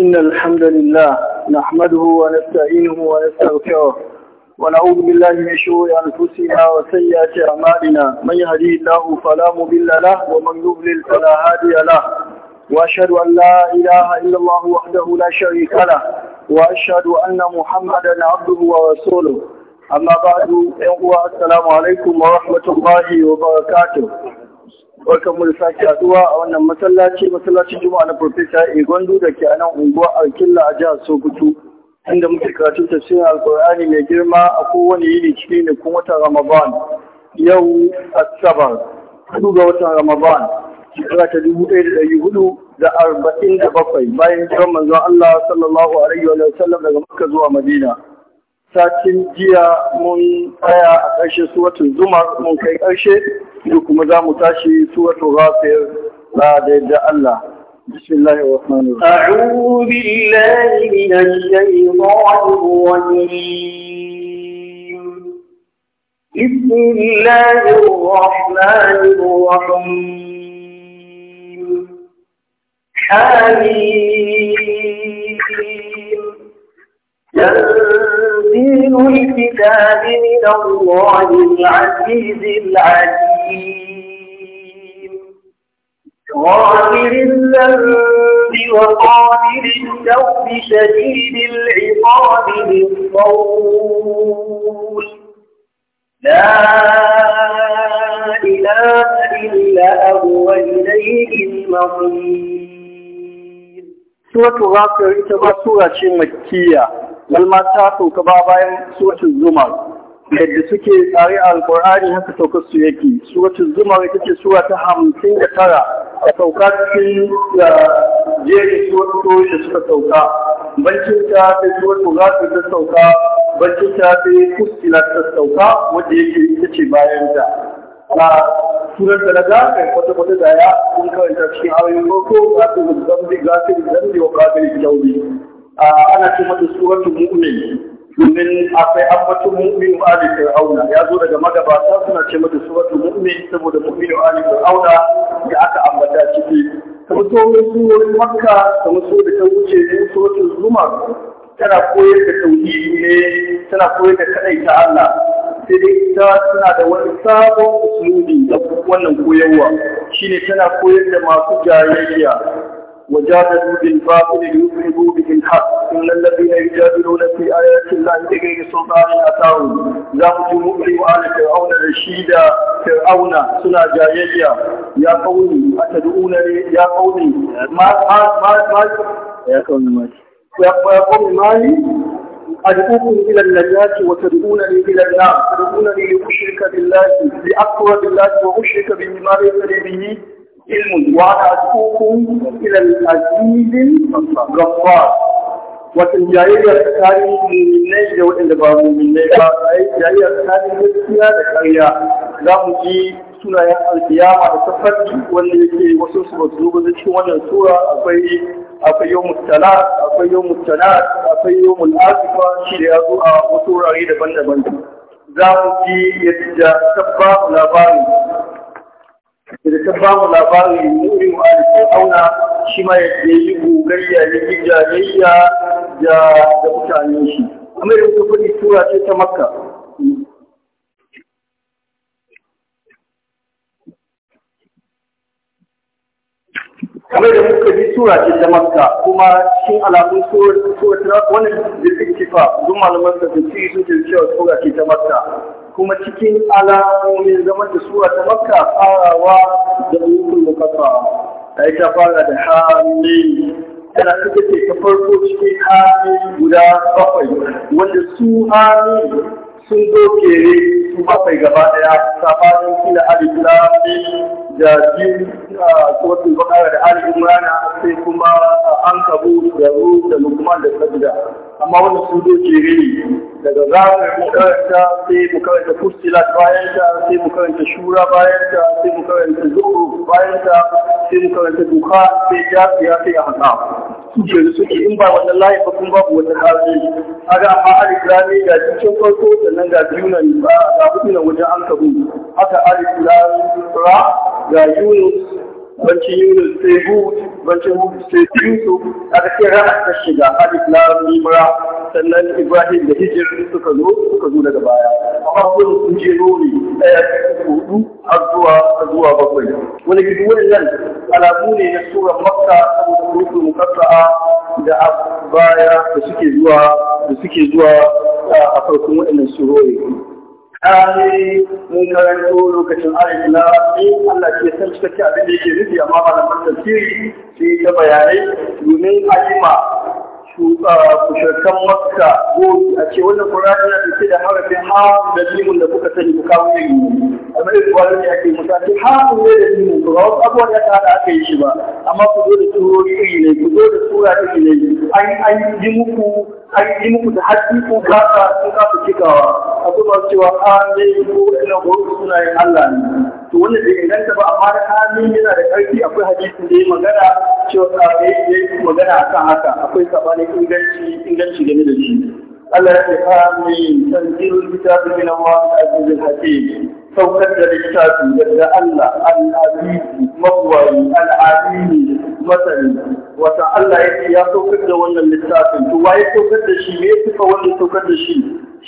إن الحمد لله نحمده ونستعينه ونستغفره ونعوذ بالله من شرور أنفسنا وسيئات أعمالنا من يهدي الله فلا مضل له ومن يضلل فلا هادي له وأشهد أن لا إله إلا الله وحده لا شريك له وأشهد أن محمدا عبده ورسوله أما بعد السلام عليكم ورحمة الله وبركاته barkan mu da sake haduwa a wannan masallaci masallacin juma'a na profesa Egondu da ke a nan unguwa alkilla a jihar Sokoto inda muke karatu tafsirin Alkur'ani mai girma a kowane yini cikin ne kuma watan Ramadan yau Asabar hudu ga watan Ramadan shekara ta dubu ɗaya da ɗari hudu da arba'in da bakwai bayan jiran manzon Allah sallallahu alaihi wa sallam daga Makka zuwa Madina. satin jiya mun tsaya a ƙarshe suwatun zuma mun kai ƙarshe da kuma za mu tashi suwatun rafiyar ba da yadda Allah بسم الله الرحمن الرحيم أعوذ بالله من الشيطان الرجيم بسم الله الرحمن الرحيم حميم من الكتاب من الله العزيز العليم غافر الذنب وقابل التوب شديد العقاب للصول لا إله إلا هو إليه المصير سورة غافر سورة مكية Walma ta sauka ba bayan suratul zumar yadda suke tsari a alqur'ani haka saukar su yake suratul zumar ita ce sura ta hamsin da tara a sauka cikin jeri suratoyi da suka sauka bancin ta ta suratul ghafir ta sauka bancin ta ta fusilat ta sauka wanda yake ita ce bayan ta sunan da na zaɓe wata wata da ya kun karanta cikin hawaye farko za su zambi za zambi wa kafin kyaubi ana ce mata suratun mu'min domin akwai mu'min wa ali fir'auna ya zo daga magabata suna ce mata suratul mu'min saboda wa ali fir'auna da aka ambata ciki mun so surorin makka kamar so da ta wuce suratul zumar tana koyar da tauhidi ne tana koyar da ta Allah sai dai tana da wani sabon usulubi da wannan koyarwa shine tana koyar da masu jayayya وجادلوا بالباطل ليذهبوا به الحق إن الذين يجادلون في آيات الله بغير سلطان أتاهم ذاك مؤمن آل فرعون رشيدا فرعون سنا جايليا يا قومي أتدعونني يا قومي ما ما ما يا قومي ما يا قومي ما أدعوكم إلى النجاة وتدعونني إلى النار تدعونني لأشرك بالله لأقوى بالله وأشرك به ما ليس لي به علم وانا اشكوكم الى العزيز الغفار Wata jayayyar tsakanin mummunai da waɗanda ba mummunai ba ai jayayyar tsakanin gaskiya da ƙarya za mu ji sunayen alkiyama da tafarki wanda yake wasu su basu zo ba cikin wannan tura. akwai akwai yau mutala akwai yau mutala akwai yau mul'asifa shi da ya zo a wasu wurare daban-daban za mu ji yadda tabba labarin da ta ba mu labarin nuri auna shi ma ya yi gogayya ya da shi da tura ce ta makka kamar da muka ji sura ce ta makka kuma cikin alamun surar ta wani da kifa duk malaman da sun ce cewa sura ce ta makka kuma cikin alamomin zaman da sura ta makka farawa da da kafa a ta fara da hamim Yana suka ce ta farko cikin hamim guda bakwai wanda su hamim sun dokere su bakwai gaba daya fara kila alif lamim da biyu suratul baqara da alif sai kuma an kabu da ruh da lukman da sabida amma wannan su doke rini daga zafin mu sai mu karanta fustilat bayan ta sai mu karanta shura bayan ta sai mu karanta zuru bayan ta sai mu karanta duka sai jafiya sai a haka su ke da suke in ba wannan layin ba kuma babu wata kare ga amma alislami ga cikin farko sannan ga biyu nan ba ga hudu nan wajen an kabu haka alislami ga yunus bancin Yunus sai Hud bancin Hud sai Yusuf aka kira ta shiga Alif Lam Mimra sannan Ibrahim da Hijr suka zo suka zo daga baya amma kun sun je rori daya hudu har zuwa zuwa bakwai wani gidu wannan alamu ne na sura Makka saboda rukun kasa'a da baya da suke zuwa da suke zuwa a farkon waɗannan surori kare mun karanto lokacin alif na Allah ke san shi take abin da yake nufi amma malaman tafsiri sai ta bayanai domin alima kushakan makka goji a ce wannan qur'ani yana dauke da harafin ha da limun da kuka sani ku kawo ne amma da kwaro ne ake misali ha ne da limun ba wasu abubuwan ya kada aka yi shi ba amma ku zo da turo iri ne ku zo da tura iri ne an yi muku an yi muku da haƙi ko kasa ko za su cikawa akwai masu cewa amin ah, ko ina gwaro suna yin Allah ne to wanda da inganta ba amma da amin yana da ƙarfi akwai hadisin da ya magana cewa ah, ya yi magana akan haka akwai sabanin inganci inganci game da shi Allah ya ce amin ah, tanzilul kitabi min Allah al a al-hakim saukar da littafi daga Allah al-Azizi mawwayi al-Alimi masani wata Allah yake ya saukar da wannan littafin to waye saukar da shi me yake wannan saukar da shi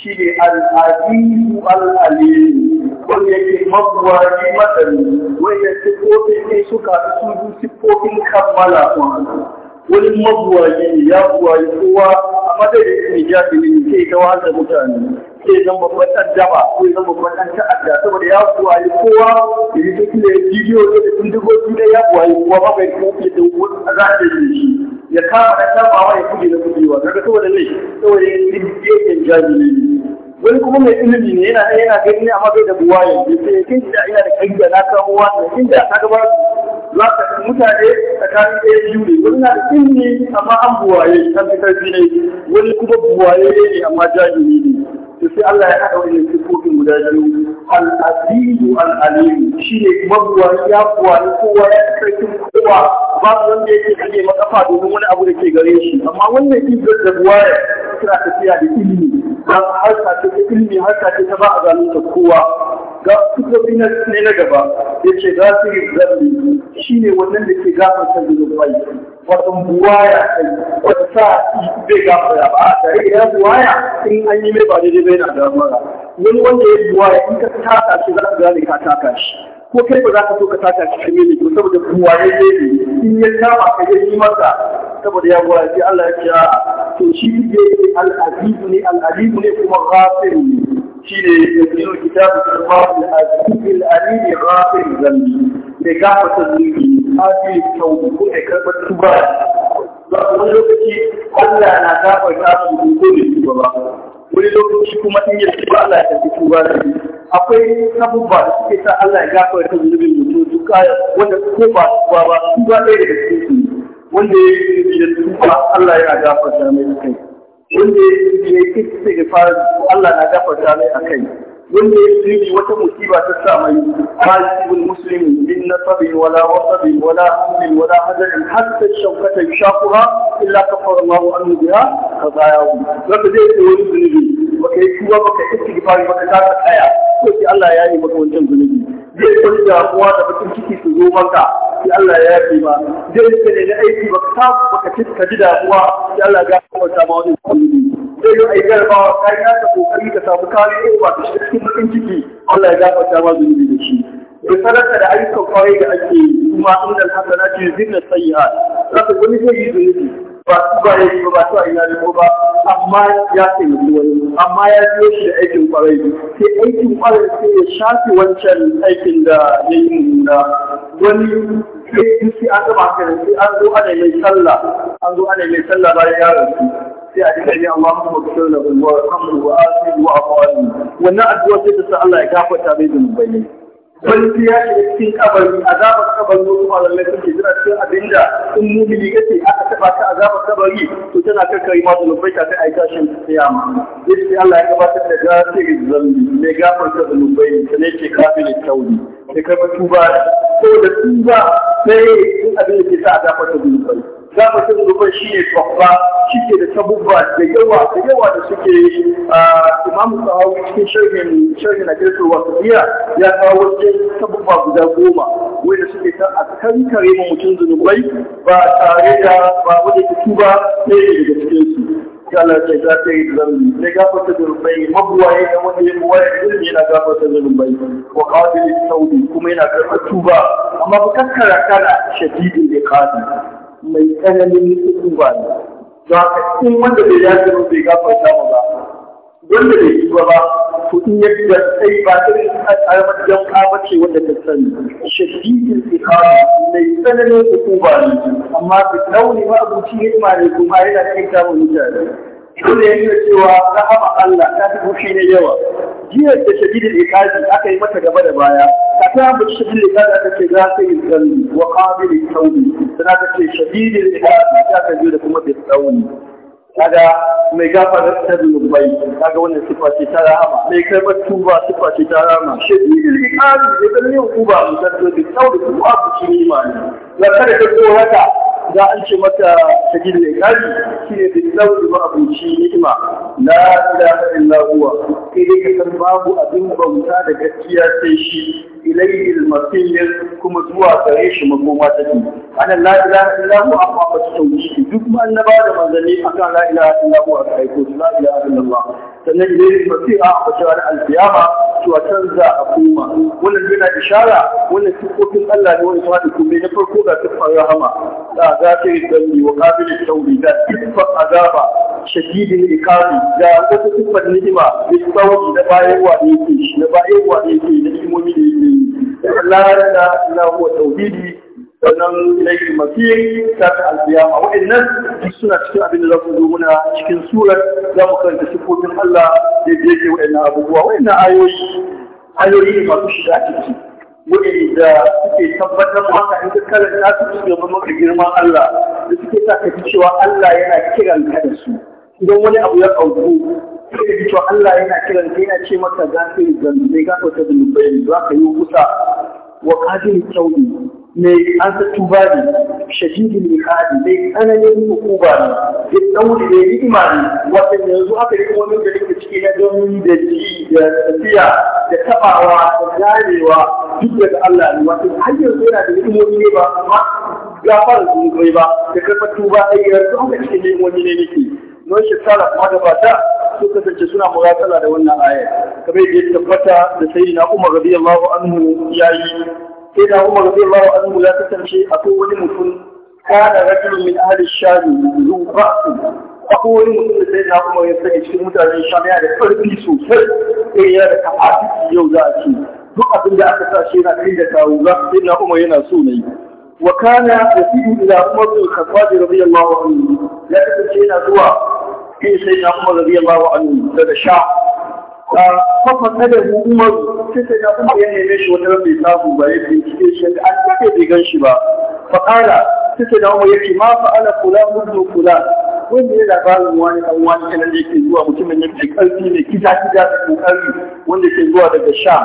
shine al-Azizu al-Alimi wanda yake mawwayi masani wanda sai sifofin ne suka su sifofin kammala kuma wani mabuwayi ya buwayi kowa a madadin mai jahili ke ga da mutane sai zan babban ɗan daba sai zan babban ɗan ta'adda saboda ya buwayi kowa ya yi duk da bidiyo da duk duk da ya buwayi kowa ba bai kuma da wani a za a yi shi ya kama da kamawa ya kuje da kujewa daga saboda ne saboda ya yi jahili wani kuma mai ilimi ne yana yana gani ne amma bai da buwaye sai kin da ina da kai na kawo wannan kin da ka ba za ka mutane tsakanin ɗaya biyu ne wani na da ilimi amma an buwaye kan fitar karfi ne wani kuma buwaye ne amma jahili ne sai Allah ya haɗa wani sifofin guda biyu al-azizu shine shi ne mabuwa ya buwani kowa ya sarki kowa babu wanda yake ma makafa domin wani abu da ke gare shi amma wannan izzar da ya kira tafiya da ilimi dan harka ce ta ilimi harka ce ta ba a zalunta kowa ga sifofi ne na gaba yace gasirin zabi shi ne wannan da ke gafarta zunubai wata buwaya kai wata sa zai gafara ba a tare ya buwaya in an yi mai ba daidai bai na damuwa? wani wanda ya buwaya in ka taka shi za ka gane ka taka shi ko kai ba za ka so ka taka shi ne ne saboda kuwa ya yi ne in ya kama ka yi masa saboda ya gora shi Allah ya kira to shi ne al ne al ne kuma ghafir shi ne yanzu kitabu al-babu al-aziz al-alim ghafir zambi ne gafarta A hafi taubu ko ne karɓar tuba wani lokaci Allah na gafarta su ko ne tuba ba wani lokaci kuma in yi tuba Allah ya tafi tuba da shi akwai abubuwa da suke sa Allah ya gafara ta zunubin mutu duka wanda ko ba tuba ba tuba ɗaya daga cikin wanda ya yi da tuba Allah ya yana ta mai akai wanda ya yi kisa da fara Allah na ta mai akai wanda ya sirri wata musiba ta sa mai hasibul muslim min nasabin wala wasabin wala hamlin wala hadarin hatta shaukata yashaqura illa kafara Allahu anhu biha khatayahu zaka je ka wani zunubi baka yi tuba baka istighfar baka ta tsaya ko sai Allah ya yi maka wancan zunubi zai kun damuwa da bakin ciki su zo maka sai Allah ya yi ma zai ka ne na aiki baka ta baka ji damuwa sai Allah ya gafarta ma wani zunubi zai yi ai jarabawa ka yi naka kokari ka samu kare ba ta shi cikin cikin ciki Allah ya gafarta ma zunubi da shi da sadaka da ayyukan kwaye da ake yi kuma inda alhasana ce zinna sayyi'a zaka wani zai yi zunubi ba su ba ya yi ba ba su a ina ne ba amma ya taimaki wani amma ya biyo shi da aikin kwarai sai aikin kwarai sai ya shafe wancan aikin da ya yi mummuna wani sai an gaba sai an zo ana mai sallah an zo ana mai sallah bayan ya rasu sai a dinga ne Allahumma maghfir lahu wa arhamhu wa afihi wa afu wannan addu'a sai ta sa Allah ya gafarta mai zunubai wani ya shiga cikin kabari azabar kabari wasu malamai sun ke jira cikin abinda in mumini ce, aka taba ta azabar kabari to tana karkari ma zunubai ta kai aika ma. kiyama sai Allah ya gabatar da gasiri zambi mai gafarta zunubai ne ke kafin tauri sai kai ba tuba saboda tuba sai abin da ke sa azabar ta zunubai Za mu zafafin ruban shi ne babba shi ke da tabubba da yawa da yawa da suke imamu sahawu cikin sharhin sharhin na kirkir wasu biya ya kawo wasu tabubba guda goma wanda suke ta a kankare ma mutum zunubai ba tare da ba wanda ke ba, ɗaya daga cikin su Allah ce za ta yi zambi ne gafarta zunubai mabuwaye da wanda ya buwaye ilmi yana gafarta zunubai wa qabil tawbi kuma yana karɓar tuba amma ba kakkara kana shadidin iqabi mai tsananin ba ne don a cikin wanda bai yaji ba bai gafarta mu ba wanda bai yi ba to in ya da sai ba sai karamar jamka ba ce wanda ta sani su iqama mai tsananin ba ne amma bi launi ma abuci ma ne kuma yana cikin kamun mutane dole ya nuna cewa rahama Allah ta fi na yawa jiyar da shadidin iqama aka yi mata gaba da baya كتاب الشهر هذا كذات الذنب وقابل التوب ثلاثة شديد الإهاب لا تجد لكم بالتوب هذا mai gafarar ta zunubai kaga wannan sifa ce ta rahama mai ba tuba sifa ce ta rahama shadidul iqabi da ganin hukuma musallu bi tawdi tuwa ku ci imani la kada ka tsorata da an ce maka shadidul iqabi shine bi tawdi wa abuci ni'ima la ilaha illa huwa sai dai ka san babu abin bauta da gaskiya sai shi ilayhi al-masir kuma zuwa gare shi makoma ta ce ana la ilaha illa amma ba su duk ma annaba da manzanni akan la ilaha illa hu aka aiko la ilaha illa sannan ilayhi al-masir a ba ta al-qiyama to can za a koma wannan yana ishara wannan sifofin Allah ne wani sa'adu kuma na farko ga siffar rahama da za ta yi dalli wa kabilin tauri da siffar azaba shadidin ikami da wata siffar ni'ima da sauki na wa ne ke shi na wa ne ke na imomi ne ke Allah na Allah wa tauhidi sannan ilaihi masir ta ta alkiyama wa'annan suna cikin abin da za ku zo muna cikin surar za mu karanta sifofin Allah da yake wa'annan abubuwa wa'annan ayoyi ayoyi masu shiga ciki wuri da suke tabbatar maka in ka karanta su su maka girman Allah da suke sa ka cewa Allah yana kiran ka da su idan wani abu ya kauku sai ka ji Allah yana kiran ka yana ce maka za ka yi zanzu ne ka za ka yi kusa wa kafin kyauni mai ansa tuba ne shadidin mikadi mai tsananin hukuma ne ya daure ne ne wata yanzu aka yi wani da nake ciki na gani da ji da tafiya da tabawa da ganewa duk daga Allah ne wata har yanzu yana da ni'imomi ne ba amma gafara zunubai ba da karfa tuba yanzu aka cikin wani ne nake don shekara kuma da su kasance suna muratala da wannan ayar kamar yadda ya tabbata da sayyidina Umar radiyallahu anhu yi. sai da Umar zai ba wa annabi ya kasance akwai wani mutum kana rajul min ahli shami zu ra'su akwai wani mutum da sai da Umar ya sani cikin mutanen shami yana da karfi sosai sai eh, yana da capacity yau za a ce duk abin da aka sa shi yana kai da kawo za su sai da Umar yana so ne wa kana yasiru ila Umar bin Khattab radiyallahu anhu ya kasance yana zuwa kai sai da Umar radiyallahu anhu daga sha kafa da umar sai ta kafin ya neme shi wata bai samu ba ya bincike shi da an take bai gan shi ba faqala sai ta dawo yake ma fa'ala kula ibn kula. wanda ya labarin wani dan wani kana da yake zuwa mutumin ne mai karfi ne kida kida da kokari wanda ke zuwa daga sha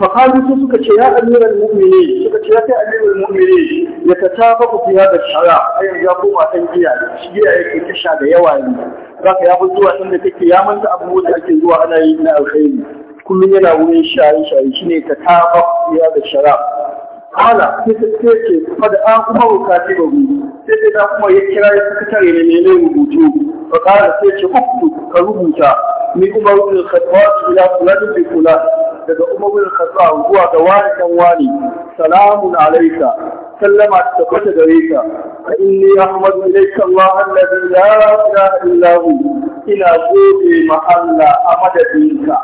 fakali su suka ce ya amiran mu'mini suka ce ya kai amiran mu'mini ya da shara a yanzu ya koma kan giya shi giya yake kasha da yawa ne za ka yafi zuwa inda take ya manta abu da ake zuwa ana yi na alkhairi kullum yana wurin shaye shaye shi ne ta tafa ku fiya da shara ala sai ta ce fa da an kuma rubuta ba sai dai da kuma ya kira ya fitar ne ne rubutu Bakara qala sai ce ka rubuta ni umar bin khattab ila fulan bi fulan daga umar bin khattab zuwa ga wani dan wani salamun alayka sallama ta kwata gare ka fa inni ahmadu ilayka allah alladhi la ilaha illa hu ina ma allah a madadinka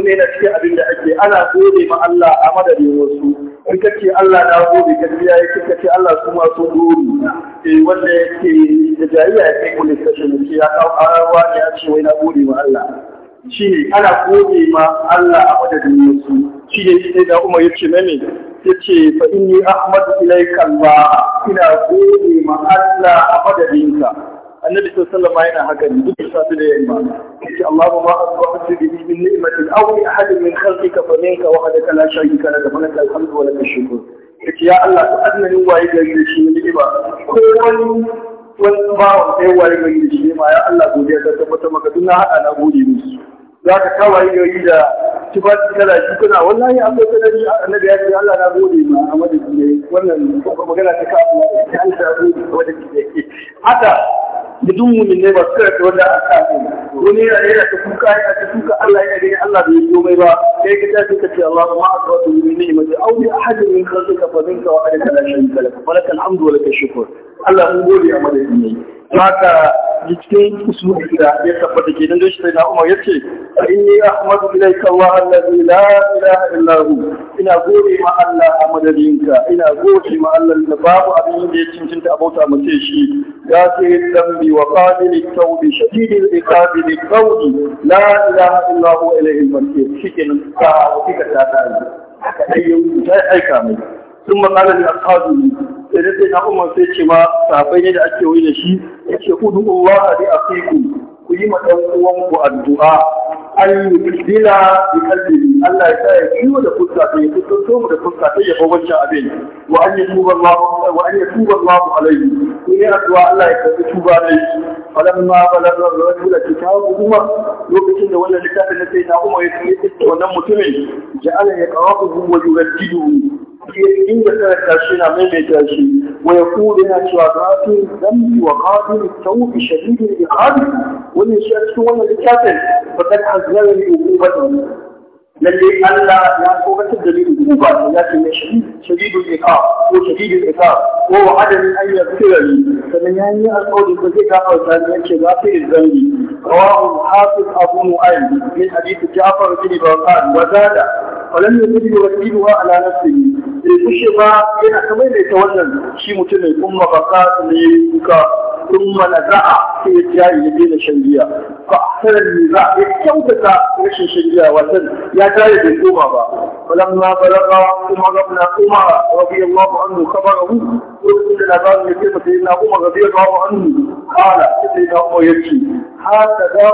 yana cikin abin da ake ana gode ma Allah a madadin wasu in ka Allah na gode gaskiya ya kika ce Allah su ma sun gode eh wanda yake da jariya ya kai kullu ya kawo ƙararwa ya ce wai na gode wa Allah shi ne ana gode ma Allah a madadin wasu shi ne sai da Umar ya ce mene ya ce fa inni ahmadu ilai Allah ina gode ma Allah a madadinka annabi sallallahu alaihi yana haka ne duk safi da yamma yace Allahu ma asbahtu bi min ni'matin aw bi ahadin min khalqika fa minka wahdaka la sharika laka fa lakal alhamdu wa lakal shukr yace ya Allah ku annabi waye gari da shi ba ko wani wani bawan sai waye gari da shi ma ya Allah godiya ta tabbata maka duk na haɗa na gode musu za ka kawai gari da tufafi kala shi kuna wallahi an bai sanari annabi ya ce Allah na gode ma a madadin ne wannan magana ta kafa. kawo an ta gode wanda ke haka da duk mumin ne ba su karanta wanda aka kawo wani yana yana ta kuka yana ta kuka Allah yana gani Allah bai yi mai ba kai ka tafi ka ce Allah ma aka wato min ni'mati aw bi ahadin min khalqika fa minka wa alaka la sharika lak wa lakal hamdu wa lakal shukr Allah mun gode a madadin ne haka cikin usulun da ya tabbata ke dan shi na Umar yace inni ahmadu ilayka Allah allazi la ilaha illa hu ina gode ma Allah a madadinka ina gode ma Allah da babu abin da ya cincinta abota mace shi wa غافر الذنب وقابل التوب شديد العقاب للقول لا اله الا هو اليه المصير شكرا ta تعالى haka dai yau ta aika mai sun matsala da ashabu sai dai sai na umar sai ce ma sahabbai ne da ake wuri da shi ya ce udu ne a afiku ku yi ma ɗan uwanku addu'a an yi dina da kalbi Allah ya sa ya kiwo da fuska ta yi kusan so mu da fuska ta ya wancan abin wa an yi tuba Allah wa an yi tuba Allah alaihi ku yi addu'a Allah ya karbi tuba ne da balagha rajula kitabu umar lokacin da wannan littafin na sai na umar ya tsaye wannan mutumin ja'ala ya qarahu wa yurajjiduhu ويقول إن سواقات الذنب وقابل التوب شديد الإقاد وإن شأت وإن الكاتل فقد حذرني أبوبته للي أن لا يأخوة الدليل عقوبة ولكن شديد شديد الإقاد وشديد الإقاد وهو عدم أن يغفر لي فمن يعني أقول فذكا فسان يكشغافر الذنب رواه الحافظ أبو مؤيد من حديث جعفر بن برقان وزاد falan ya zuri wa tiluwa ala nafsihi bai kushe ba yana ta maimaita wannan shi mutumin umma baka ne kuka umma naza'a sai ya ya daina shan giya fa ahsana niza ya kyautata rashin shan wasan ya tare bai koma ba falamma balaga kuma gabna umar radiyallahu anhu kabarahu lokacin da labarin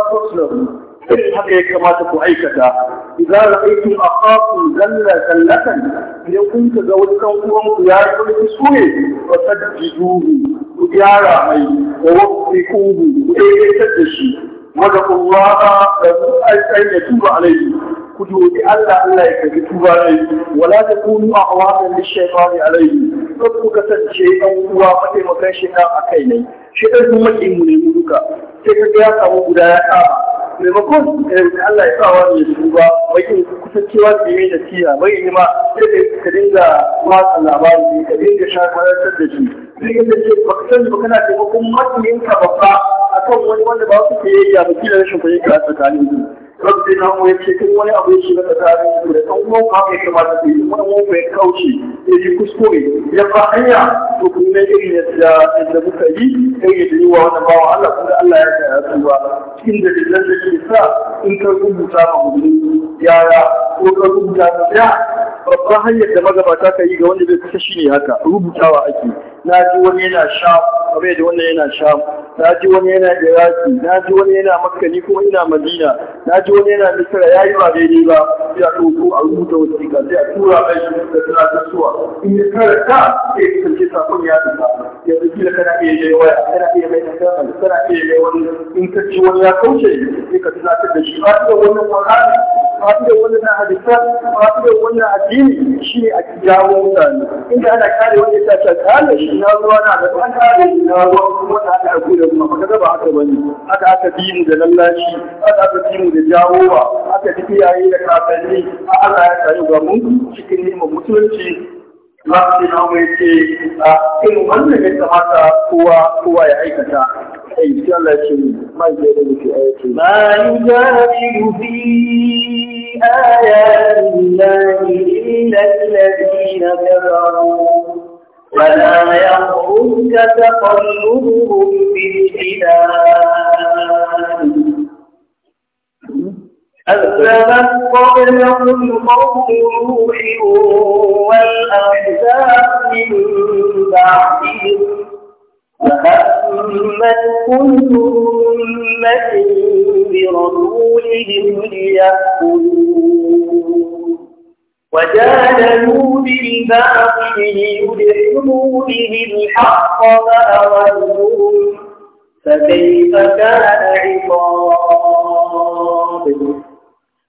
ya irin haka ya kamata ku aikata idan ra'aytum a zalla zallatan idan kun ga wani kan uwan ku ya kulki suye wa tadjiduhu ku gyara mai wa waqtiquhu ku daidaita da shi maza Allah da ku aikata tuba alaihi ku dubi Allah Allah ya kaji tuba alaihi wala takunu ahwanan lishaytani alaihi ko ku kasance ɗan uwa mataimakan shi a kai ne shi ɗan kuma ne mu duka sai ka ga ya samu guda ya ƙara maimakon da eh, Allah ya sa wa mai duba bai kusancewa da yi da tiya bai yi ma sai da ka dinga watsa labari ka dinga shakarantar da shi sai ka ce ba ka sani ba kana taimakon matsayin ka babba akan wani wanda ba su ke yayya ba kila rashin fahimta tsakanin su rabbi na mu yace kan wani abu ya shiga tsakanin su da dan uwan ka ya kamata su yi wani mu bai kauce ya yi kuskure ya fa hanya to kun ne irin yadda da muka yi ya yi wa wannan bawa Allah kuma Allah ya tsaya su ba da dalilan da sa in ka rubuta ma yara ko ka rubuta ma ya babban hanyar da magabata ka yi ga wanda bai kusa shi ne haka rubutawa ake na ji wani yana sham kamar da wannan yana sham na ji wani yana iraki na ji wani yana makani kuma ina madina na ji wani yana misra ya yi ba daidai ba sai a ɗauko a rubuta wasiƙa sai a tura mai da tunatar suwa in ya karanta sai ya kasance sakon ya fita yanzu kila kana iya yi waya kana iya mai tafiya kana iya yi wani in ka ci wani ya kauce sai ka tunatar da shi ba da wannan ƙwararri ba da wannan hadisa ba da wannan addini shi ne a jawo mutane inda ana kare wani ya ta kare shi ina ruwa na da tsanta da ina ruwa kuma da aka aiko da kuma maka ba haka bane aka aka bi mu da lallashi aka aka bi mu da jawowa aka ji iyaye da kakanni a Allah ya tsaye ga mu cikin neman mutunci ba su na mai ce a irin wannan ya kamata kowa kowa ya aikata ai sai Allah ya ce mai da da muke aiki ma yujadilu fi ayati llahi illa alladhina kafaru فلا يغرك تقلبهم في البلاد كذبت قبلهم قوم نوح والأحزاب من بعدهم فهمت كل أمة برسولهم ليأكلوه وجادلوا بالباطل ليدحضوا به الحق فأولهم فكيف كان عقاب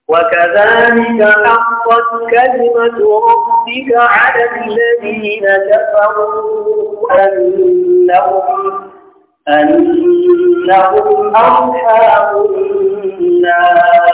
وكذلك حقت كلمة ربك على الذين كفروا أنهم أنهم أصحاب النار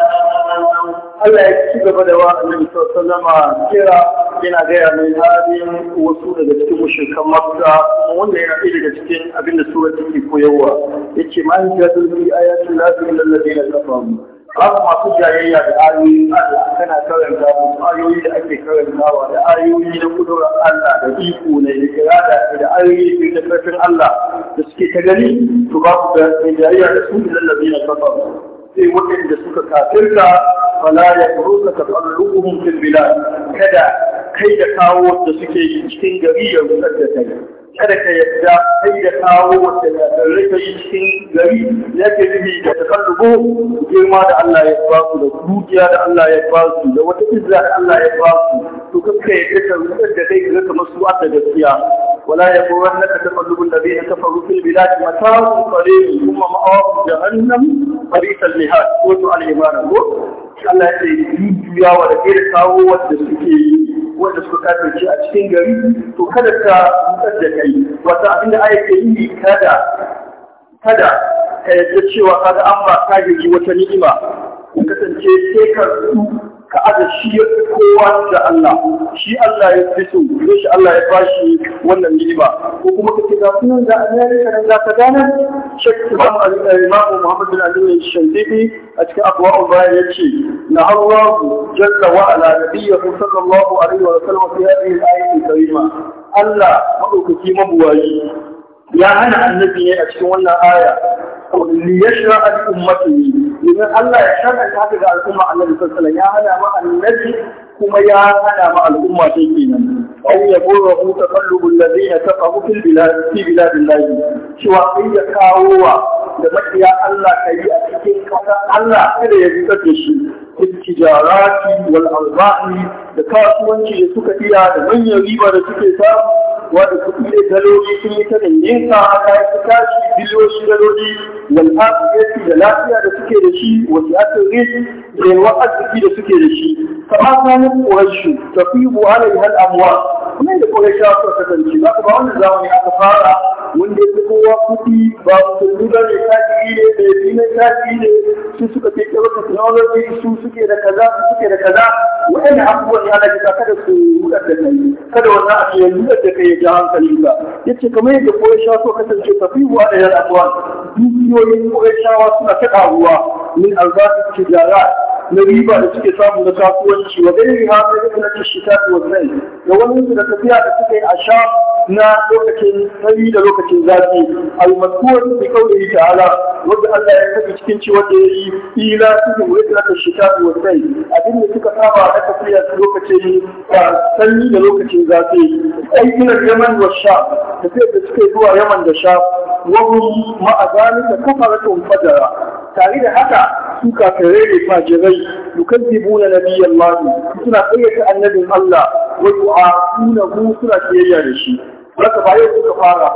Allah ya ci gaba da wa annabi sallama kira yana gaya mai halin wasu daga cikin mushrikan Makka wanda yana ɗaya daga cikin abin da sura take koyarwa yace ma in jadu bi ayatin lahi lil ladina kafaru babu masu jayayya da ayoyi Allah kana karanta mu ayoyi da ake karantawa da ayoyi na kudura Allah da iko ne da kirada da ayoyi da Allah da suke ta gani to babu jayayya da su lil ladina kafaru sai waɗanda suka kafirta fala ya rusa ka tsalluhum fil bilad kada kai da kawo da suke cikin gari ya rusar da kai kada ka yadda kai da kawo wata labarai ka yi cikin gari ya ke nufi da takallubo girma da Allah ya ba su da dukiya da Allah ya ba su da wata izza da Allah ya ba su to ka yadda ka rudar da kai ka kamar su da gaskiya wala ya gowan naka takallubun da bai ka faru fil bilad mata'u qalil kuma ma'awu jahannam farisal mihad ko to al-imana Allah ya yi duya wa da da kawo wanda suke yi wanda suka kasance a cikin gari to kada ka mutar da kai wata abinda aya ke yi kada kada ka yadda cewa kaga an ba ka wata ni'ima kasance sai ka ka aza shi ya fi kowa da Allah shi Allah ya fi so ne shi Allah ya bashi wannan ni'ima ko kuma ka ce ga sunan da Amerika nan za ka gane Sheikh Imam eh, Imam Muhammad bin Ali Shandibi a cikin Abwaul Bayan yace na Allah jalla wa ala nabiyyihi sallallahu alaihi wa sallam fi hadhihi al-ayati karima Allah madaukaki mabuwayi ya hana annabi ne a cikin wannan aya ko liyashra al-ummati domin Allah ya shaɗa haka ga al'umma annabi sallallahu ya hana ma annabi kuma ya hana ma al'umma ta kenan aw yaqulu hu taqallubu alladhina kafaru fil bilad fi biladillahi cewa in ya kawo wa da makiya Allah yi a cikin kasar Allah kada ya rika da shi tijarati wal arba'i da kasuwanci da suka iya da manyan riba da suke samu wanda kuɗi da daloli sun yi ta dangin sa aka yi ta tashi biliyoyi daloli da lafiya da suke da shi wasu asirin da yawan arziki da suke da shi فأثنى قريش تطيب عليها الأموال kuma da kuma sha su ta kanci ba ba wannan zamani aka fara wanda ya kowa kuɗi ba musulmi ba ne kaji ne da yabi na kaji ne su suka fi kira technology su suke da kaza su suke da kaza wa'annan abubuwan ya lafi kada su rudar da kai kada wannan a ya rudar da kai ya ja hankali ba yace kamar yadda kuma sha su kasance tafihu a ɗayan abuwa dukiyoyin kuma sha suna ta ƙaruwa min albasu tijara na riba da suke samu na kasuwanci wa gani ha na riba na shita da wannan da wani su da tafiya da suke a sha na lokacin sanyi da lokacin zafi al-mazkur bi ta ta'ala wanda Allah ya saki cikin ci wanda ya yi ila da wanda ta shita da wannan abin da suka saba da tafiya lokacin sanyi da lokacin zafi aikinar yaman wa sha tafiyar da suke zuwa yaman da sha ma'azalin da kuma kafaratun fajara tare da haka su kafirai ne fajirai na yukazzibuna nabiyallahi suna kayyata annabin Allah wa yu'afuna mu suna kiyayya da shi haka ba yau suka fara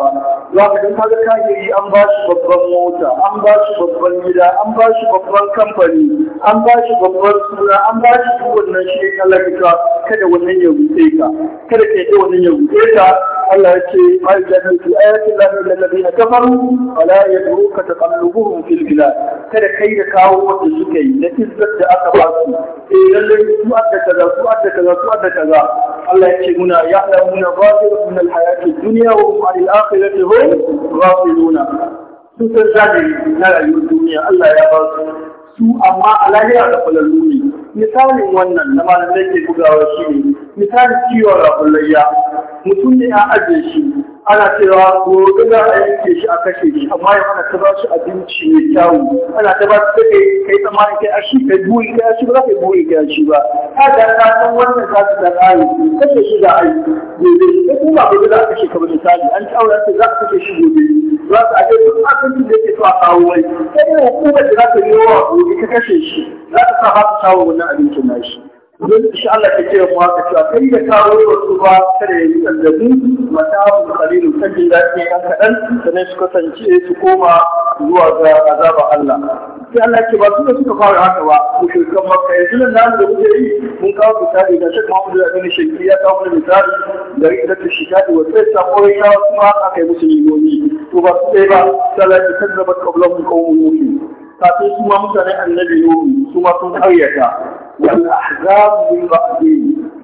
ba za ka ga kaga an ba shi babban mota an ba shi babban gida an ba shi babban kamfani an ba shi babban suna an ba shi wannan shi ne kada wannan ya rute ka kada ka yi wannan ya rute ka Allah ya ce mai jannatu fi ayatin lahi lil ladina kafaru wala yadruka taqallubuhum fil bilad kada kai da kawo wanda suka yi da izzar da aka ba su eh lalle su adda kaza su adda kaza su adda kaza Allah ya ce muna ya'lamuna zahirun min al hayati dunya wa hum anil akhirati hum ghafiluna su san zahiri na rayuwar duniya Allah ya ba su su amma a lahira da falallu ne misalin wannan na malamai ke bugawa shi ne misalin ciwon rafin layya mutum ne a ajiye shi ana cewa gobe za a yanke shi a kashe shi amma ya ana ta ba shi abinci mai kyawu ana ta ba shi kai kai tsammanin kai a shi kai buri kai a shi ba za ka yi buri kai a shi ba ta da ta san wannan za su da tsari kashe shi za a yi gobe ko kuma gobe za a kashe ka misali an ci auren za a kashe shi gobe za a ce duk asibiti da yake so a kawo wai sai hukumar da za ta yi wa gobe ka kashe shi za ta sa ba ta kawo wannan abincin nashi. Zan shi Allah ta ce mu haka cewa kai da kawo wasu ba kada ya yi zazzabi mata mu kalilu kan jin daɗi kan kaɗan sannan su kasance su koma zuwa ga azaba Allah. Sai Allah ke ba su da suka fara haka ba mushrikan Makka yanzu nan nan da muke yi mun kawo misali ga shi Muhammad da Ibn Shakir ya kawo mana misali da rikida ta shiga da wasu sai samurai ta kuma aka yi musu nimomi. To ba su ɗaya ba sai Allah ya kaddaba kablan mu kawo mu kafin su ma mutane annabi yau su ma sun karyata wal ahzab min ba'di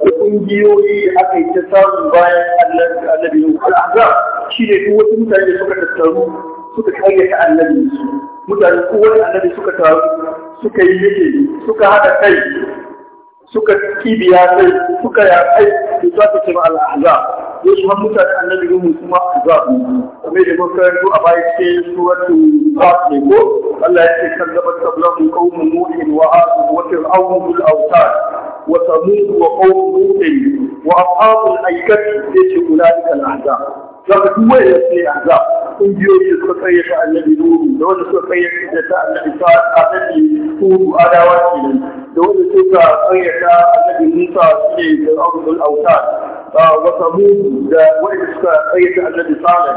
da kungiyoyi aka yi ta samu bayan annabi nuhu Wani ahzab ne duk wasu mutane da suka tattaru suka karyata annabi su mutane kowane annabi suka taru suka yi yake suka haɗa kai suka kibiya sai suka yaƙai su za su cima al'azab ya shi har mutane annabi ruhu kuma azab kame da makarantu a baya ce suratu fat ne ko Allah ya ce kan zabar tablahu qaumun nuhin wa ad wa fir'aun mu awtad wa samud wa qaumun nuhin wa ashabul aikati ya ce kula da ahzab za ka duk wanda suke azab kungiyoyi da suka kayyata annabi nuhu da wanda suka kayyata da ta annabi sa annabi hudu adawa kenan da wanda suka kayyata annabi musa ne da abdul autar وثمود وإذ أيت الذي صالح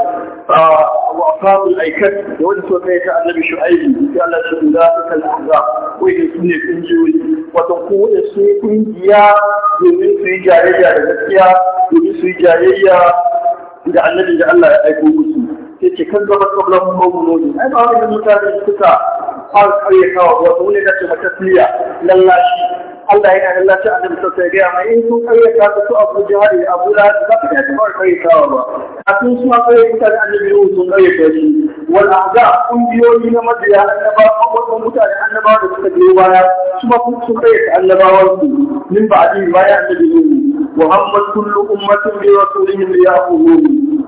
وأصحاب الأيكة وإذ su ne ƙungiyoyi. قال أولئك الأحزاب وإذ ƙungiya domin su yi jayayya da gaskiya, domin su yi jayayya. da annabin da Allah ya aiko musu sai ce kan gaba kablan qawmun nuh ai ba wani mutane suka fara karyakawa wato ne da su matafiya lallashi Allah yana da lati a nan sosai gaya mai in sun karyata ka su abu jihari abu da za ka yi kamar kawo ba a sun su ma ita da annabi yau sun karyata shi Wala ga kungiyoyi na mabiya annaba abubuwan mutane annaba da suka biyo baya su ma sun karyata annabawan su min ba ba baya annabi yau Muhammad kullu ummatin bi rasulihim ya'budu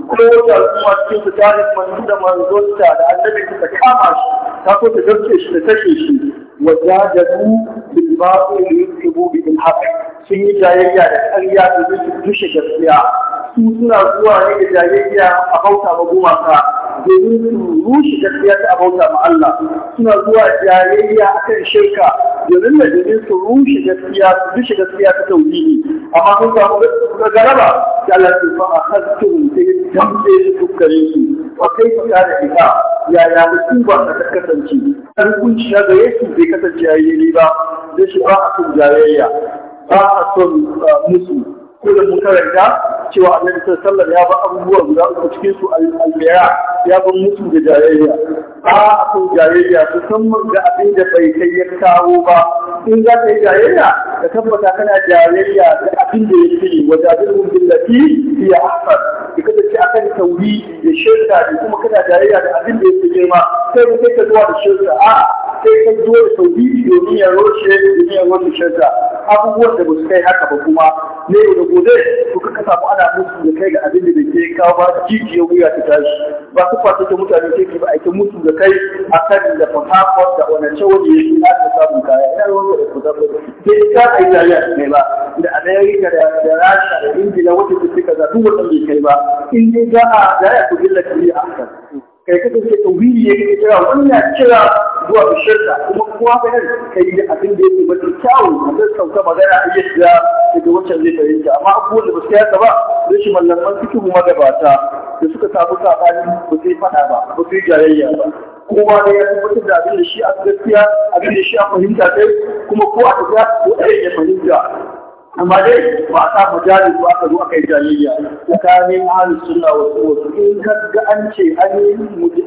ko wata al'umma cikin su ta ismanu da manzonta da annabi ta kama shi ta so ta garke shi da take shi wa jadadu bil batil yusibu bil haqq sun yi jayayya da ƙarya da su dushe gaskiya su suna zuwa ne da jayayya a bauta ma gumaka domin su rushe gaskiya ta bauta ma Allah suna zuwa jayayya akan shirka domin da domin su rushe gaskiya su dushe gaskiya ta tauhidi amma sun samu garaba da Allah su fa akhadtum bi damɗe su tukkare su wa kai fa kana ita yaya ba a kasance har kun shiga gare su bai kasance yayi ba da shi ba a son jayayya ba a son ah, musu ko da mu cewa annabi sallallahu ya ba abubuwa guda uku cikin su al-biya ya ba musu da jayayya a kan jayayya musamman ga abin da bai kai ya kawo ba in za ka yi jayayya ka tabbata kana jayayya da abin da yake wajadin billati ya ahsan ki kasance akan tauri da shirka da kuma kana jayayya da abin da yake girma, sai ka kai ka zuwa da shirka a sai ta zo da tauhidi domin ya roshe domin ya wani shirka abubuwan da ba su kai haka ba kuma ne da gobe to ka samu ana musu da kai ga abin da bai kai kawo ba jijiyar wuya ta tashi ba su kwata ta mutane ke ba aikin musu da kai a kan da fahimtar da wani cewa ne na ta samun kaya ina ruwan da ku zaɓa sai ka a jariya ne ba da amerika da rasha da ingila wata su kaza, duk wata bai kai ba in dai za a za a ku gilla kiri a hakan kai ka tafi da tauhidi ya kai kira wannan kira zuwa ga kuma kuwa ga nan kai da abin da yake mafi kyawun a zai sauka magana a iya shiga daga wancan zai fahimta amma abubuwan da ba su yasa ba zai rashin mallaman cikin magabata da suka samu saɓani ba su yi faɗa ba ba su yi jayayya ba kowa ne ya tabbatar da abin da shi a gaskiya abin da shi a fahimta dai kuma kowa da za su ɗaya ya fahimta amma dai ba a mu jari ba aka zo aka jayayya tsakanin ahalin suna wasu wasu in ka ga an ce an yi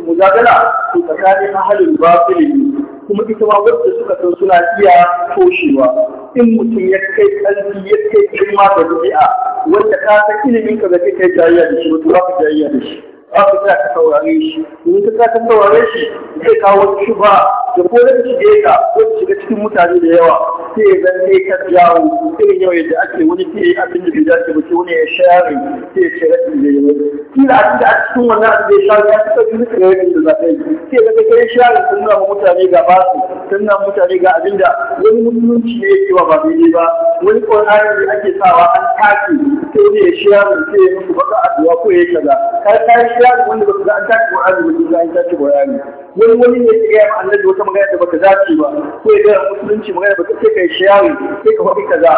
mujadala to tsakanin ahalin su ne kuma ita ma wadda suka san suna iya toshewa in mutum ya kai ƙarfi ya kai girma da rubi'a wanda ka san ilimin ka ga kai jayayya da shi ba ka jayayya da shi Ba ka tsaya ka saurare shi domin ka ka saurare shi zai kawo wani shuba da ko da shige ka ko shiga cikin mutane da yawa sai ya zan ne ka yawo irin yau yadda ake wani ke abin da bai dace ba sai wani ya share sai ya ce rashin da yawa kila abin da a cikin wannan abin da ya share ya fi sauki duka yawan da za ka yi sai ya zaka kai share sun nuna mutane ga basu sun nuna mutane ga abin da wani mutunci ne yake ba ba daidai ba wani ƙwararri da ake sawa an tashi sai ne ya share sai ya musu baka addu'a ko ya kaza kai kai yaro wanda baka ga an tashi Qur'ani ba ga an tashi Qur'ani wani wani ne ya ga annabi wata magana da baka dace ba ko ya gaya musulunci magana baka ce kai shayari sai ka faɗi kaza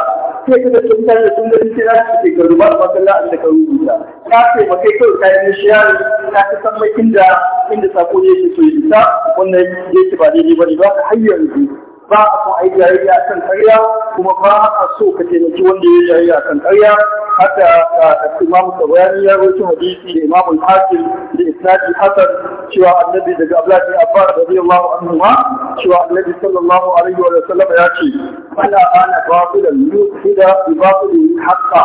sai ka ga mutane sun ga sai za su ce ka ruba ba sallah da ka rubuta ka ce ba kai kai ka yi shayari ka ta san mai inda inda sako ne yake so ya isa wannan yake ba daidai ba ne ba ka ba a son a yi jayayya kan karya kuma ba a so ka taimaki wanda ya yi jayayya kan karya haka imamu tabayani ya rawaito hadisi da imamu hakim da isnadi hasan cewa annabi daga abdullahi bin abbas radiyallahu anhu ma cewa annabi sallallahu alaihi wa sallam ya ce ana ana babulan yusida ibabulin haqqa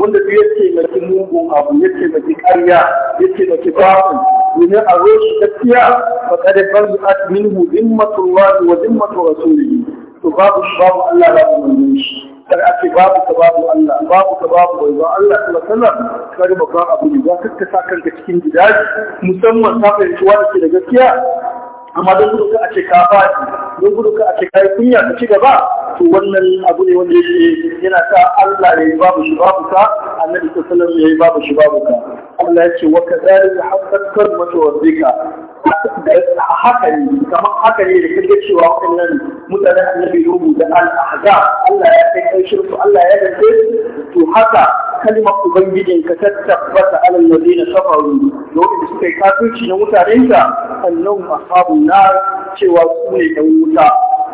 wanda duk ya taimaki mugun abu ya taimaki karya ya taimaki babu domin a roshi gaskiya fa kad farat minhu zimmatullah wa zimmatu rasulihi to babu babu Allah babu manzon shi kar ake babu ka babu Allah babu ka babu wai Allah sallallahu alaihi wasallam kar babban abu ne za ka sa kanka cikin gidaje musamman ka fahimci wanda ke da gaskiya amma don gudu ka a ce ka faɗi don gudu ka a ce ka yi kunya ka ci gaba to wannan abu ne wanda yake yana sa Allah ya yi babu shi babu ka annabi sallallahu alaihi wasallam ya yi babu shi babu ka Allah ya ce wa kadhalika haqqat kalimatu rabbika haka ne kamar haka ne da kake cewa wannan mutanen annabi rubu da al-ahzab Allah ya kai kai shirku Allah ya dace to haka kalmar ubangijin ka tabbata alal ladina safaru lokacin da suka yi kafirci na mutanensa annahum ashabun na cewa su ne ɗan wuta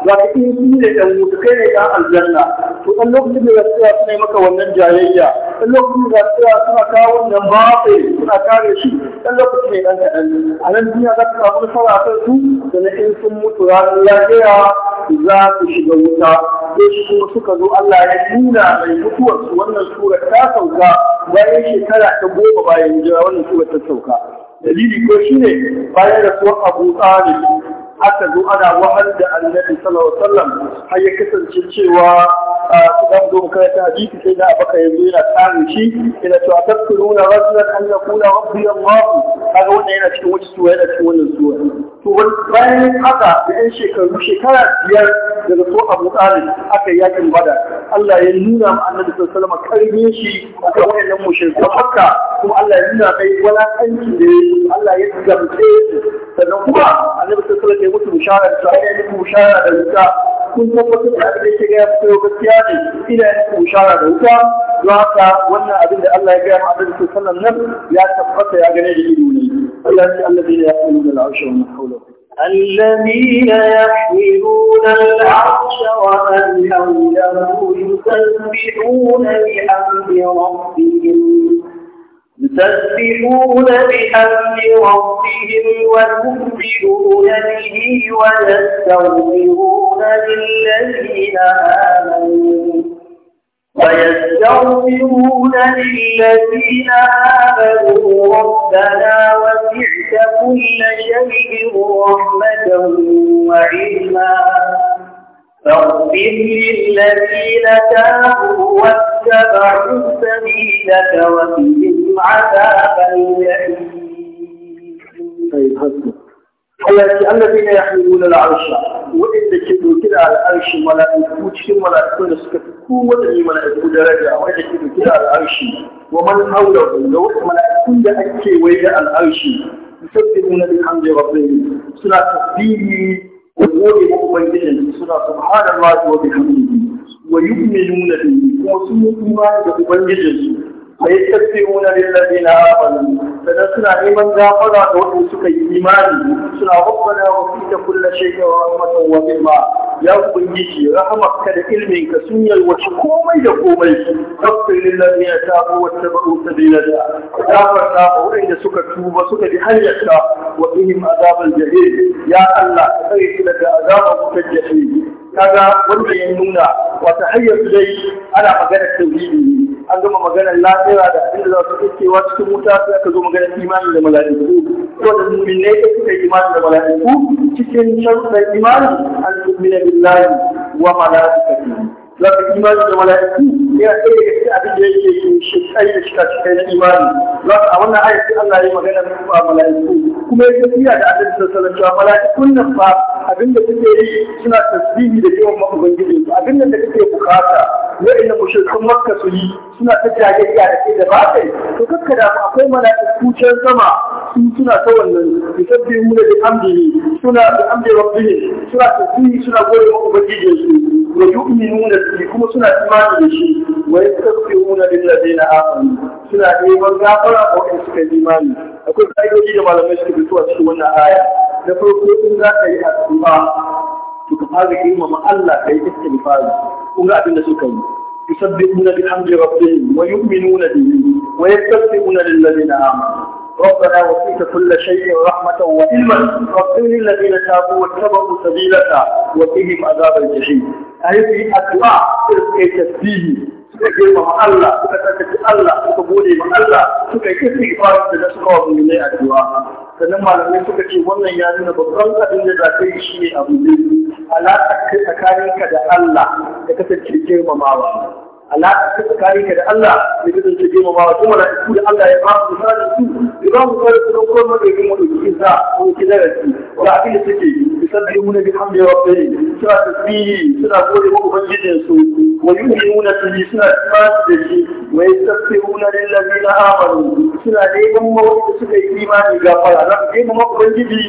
wata in su ne ɗan wuta kai ne ɗan aljanna to ɗan lokacin da gaskiya suna yi maka wannan jayayya ɗan lokacin da gaskiya suna kawo wannan bafe suna kare shi ɗan lokacin ne ɗan kaɗan a nan duniya za ka samu nasara a kan su na in sun mutu ranar lafiya za su shiga wuta sai kuma suka zo Allah ya nuna mai mutuwarsu wannan sura ta sauka bayan shekara ta goma bayan jira wannan sura ta sauka dalili ko shine bayan da suwan Abu Talib aka zo ana wahal da annabi sallallahu alaihi wasallam har ya kasance cewa idan ah, zo makaranta hadisi sai na baka yanzu yana tsarin shi Ina yana cewa tattaluna rajulan an yakuna rabbi Allah kaga wannan yana cikin wata suwa yana cikin wannan suwa to bayan haka da yan shekaru shekara biyar daga so Abu tsarin aka yi yakin bada Allah ya nuna ma annabi sallallahu alaihi wasallam karbe shi a kan wayannan mushrikan Makka kuma Allah ya nuna kai wala kanki da Allah ya gamce sannan kuma annabi sallallahu alaihi ya mutu bishara da ya yi muku bishara da wuta kun tabbatar da abin da ya gaya muku gaskiya ne ina yi muku bishara da wuta don haka wannan abin da Allah ya gaya mu annabi sallallahu nan ya tabbata ya gane da ido ne Allah ya ce alladheena yaquluna al-arsha wa man hawlahu الذين يحملون العرش ومن حوله يسبحون بحمد ربهم يسبحون بحمد ربهم ويؤمنون به ويستغفرون للذين آمنوا ويستغفرون للذين آمنوا ربنا وسعت كل شيء رحمة وعلما فاغفر للذين تابوا واتبعوا سبيلك وقهم عذاب الجحيم طيب هذا حياتي الذين يحملون العرش وإن كدوا ولا على العرش ملائكو تشكين ملائكو نسكتكو ودني ملائكو درجة وإن كدوا كلا العرش ومن حوله لو ملائكو يأكي ويجاء العرش يسبحون بحمد ربهم سنة تسبيح gode wa Ubangiji da suna subhanallah wa bihamdihi wa yu'minuna bihi kuma sun yi imani da Ubangiji su fa yastaghfiruna lil ladina amanu kada suna neman gafara da wanda suka yi imani suna hubbana wa fi kulli shay'in wa rahmatan wa bihi ya ubangiji rahamarka da ilmin ka sun yalwaci komai da komai tafsir lillahi ya tabu wa tabu sabilaka gafarta ma waɗanda suka tuba suka bi hanyarka wa bihim azabal jahil ya Allah ka kare su daga azabar wutar jahil kaga wanda ya nuna wata hanyar su dai ana magana tauhidi an gama magana lafiya da inda za su fuskewa cikin wuta sai aka zo maganar imani da mala'iku ko da mu'minai ne ya yi imani da mala'iku cikin shan imani an tu'mina billahi wa malaikatihi za ka imani da mala'iku ya ɗaya da cikin abin da yake yi shi kai da shiga cikin imani za ka a wannan ayati Allah ya magana da kuma mala'iku kuma ya tafiya da adadin da alaihi wasallam mala'ikun nan fa abin da suke yi suna tasbihi da yawan ubangiji su abin da kake bukata wa'inda sun makka su yi suna ta jagayya da kai da ba kai to kakka da akwai mala'iku can sama su suna ta wannan yusabbihuna bi hamdihi suna bi hamdi rabbihim suna tasbihi suna gode wa ubangiji su wa yu'minuna shi kuma suna imani da shi wa yastaghfiruna lil ladina amanu suna neman gafara ga wanda suka yi imani akwai ka'idoji da malamai suke fitowa a cikin wannan aya na farko in za ka yi addu'a to ka fara girmama Allah kai istighfari kun ga abin da suka yi yusabbihuna bihamdi rabbihim wa yu'minuna bihi wa yastaghfiruna lil ladina amanu ربنا وفيت كل شيء رحمة وعلما فاغفر للذين تابوا واتبعوا سبيلك وقهم عذاب الجحيم هذه الدعاء تلك تسبيه suka girmama Allah suka tsarkake Allah suka gode ma Allah suka yi kifin ibarar da suka wa mulmai a sannan malamai suka ce wannan ya nuna babban abin da za ka yi shi ne abu ne alaƙa tsakaninka da Allah da kasance girmamawa ka ta tsakani ka da Allah ya gidan su ke mamawa kuma na su da Allah ya ba su sa da su ya ba su sa da su don kuma madogin madogin sa ko ki zarafi ga abin da suke yusabbihuna bihamdi rabbihim suna tasbihi suna gode wa ubangijin su wa yu'minuna bihi suna imani da shi wa yastaghfiruna lil na amanu suna neman mawaki suka yi imani gafara ran neman ubangiji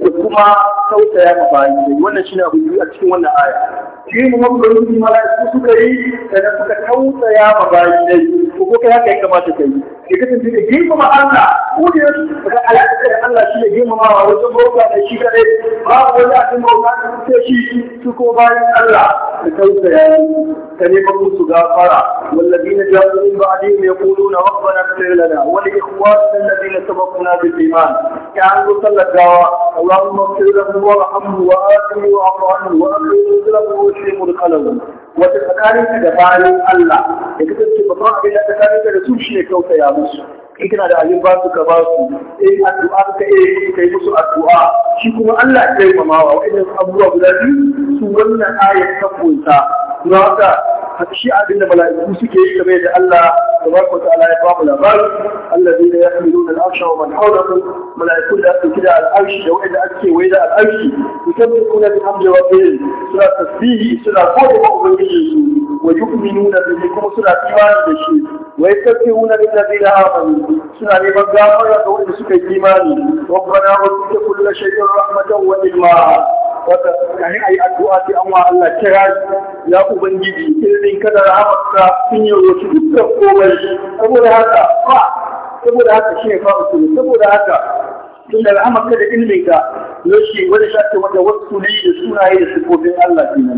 da kuma tausaya ma bayi dai wannan shine abu a cikin wannan aya shi mu mun gurin shi mala'iku suka yi sannan suka tausaya ma bayi dai ko ko kai haka ya kamata kai ya kasance da girmama Allah ko da daga alaƙa da Allah shi ne girmamawa wajen bauta da shi kadai babu wani abin bauta da suke shi su ko bayan Allah da tausaya ka neman musu gafara والذين جاءوا من بعدهم يقولون ربنا اغفر لنا ولاخواننا الذين سبقونا بالايمان كان صلى الله اللهم اغفر له وارحمه وآته وعفو عنه وأخرج نزله واشف مدخله wata tsakaninka da bayan da kasance babban da tsakaninka da su shi ne kyautaya kana da abin ba su ka su eh addu'a ka eh musu addu'a shi kuma Allah ya yi mamawa wa'annan abubuwa guda biyu su wannan ayat ta kunta haka shi abinda mala'iku suke yi game da Allah tabaraka wa ta'ala ya ba mu labari allazina yahmiluna al-arsha wa man hawlahu mala'iku da suke da al-arshi da wanda ake waye da al-arshi yusabbihuna bi hamdi rabbihim suna tasbihi suna gode wa ubangiji su wa yu'minuna bihi kuma suna imani da shi Wai wa yastaghfiruna lil ladina amanu suna neman gafara da wanda suka yi imani ربنا kulle كل rahmatan wa ilma. wata kanin ayi addu'a sai an wa Allah kira ya ubangiji irin kada rahamarka sun yi roki dukkan komai saboda haka fa saboda haka shi ne fa usul saboda haka tun da rahamarka da ilmin ka yoshi wani shafi wanda wasu ne da sunaye da sifofin Allah shi ne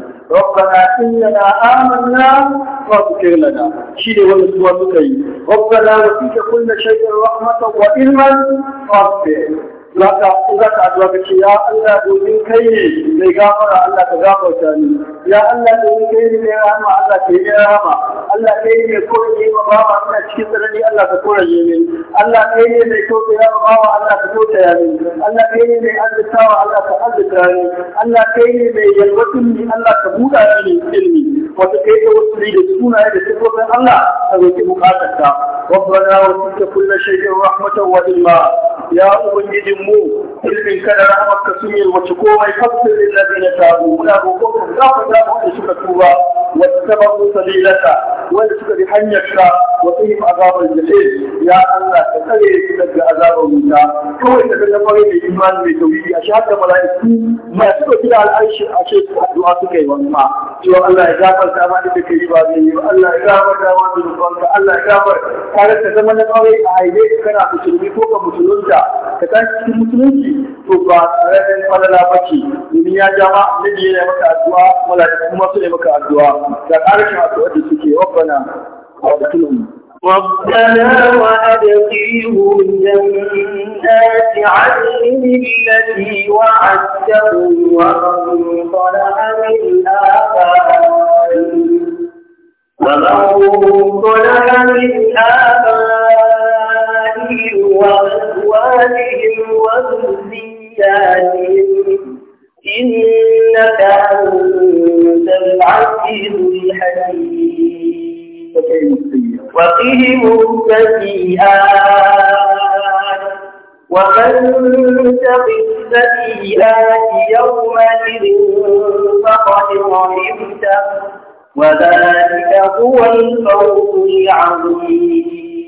إننا آمنا suka yi. شيء ولا سوى ربنا وفيك كل شيء رحمة وعلما فاغفر zaka in zaka addu'a ka ce ya Allah domin kai ne mai gafara Allah ka gafarta ni ya Allah domin kai ne mai rahama Allah ka yi rahama Allah kai ne mai koyi ma bawa ina cikin tsanani Allah ka koyi min Allah kai ne mai koyi ma bawa Allah ka koyi min Allah kai ne mai azzatawa Allah ka azzata ni Allah kai ne mai yalwatun ni Allah ka buɗa ni ilmi wato kai da wasu da sunaye da sifofin Allah ka roki bukatarka ربنا وكنت كل شيء رحمة وإلا يا أبنجد mu ilmin kada rahamar ka sun yi wace komai fasir lillazina tabu muna roƙon ka za ka ga wanda suka tuba واتبعوا سبيلك ويسك بحنيك وفيهم عذاب الجحيم يا الله تسلي لك عذاب الموتى هو إذا كان ينبغي الإيمان بتوحيد أشهد ملائكة ما يسوى كده على العيش أشهد الدعاء كي وما سوى الله إجابة الأمان بك يبادي الله إجابة الأمان بك الله إجابة قالت تزمن قوي أعيديك كان مسلمي فوق مسلمتا كتان مسلمتي فوق رأيك فلا لا بكي دنيا جماعة نبي يمك أدعاء ملائكة ما سلمك أدعاء da ƙarshen addu'a suke rabbana wa adkhilhum ربنا وأدخلهم جنات عدن التي وعدتهم ومن طلب من آبائهم ومن طلب من آبائهم وأزواجهم وذرياتهم إنك أنت العزيز الحكيم وقهم السيئات ومن تق السيئات يومئذ فقد رحمته وذلك هو الفوز العظيم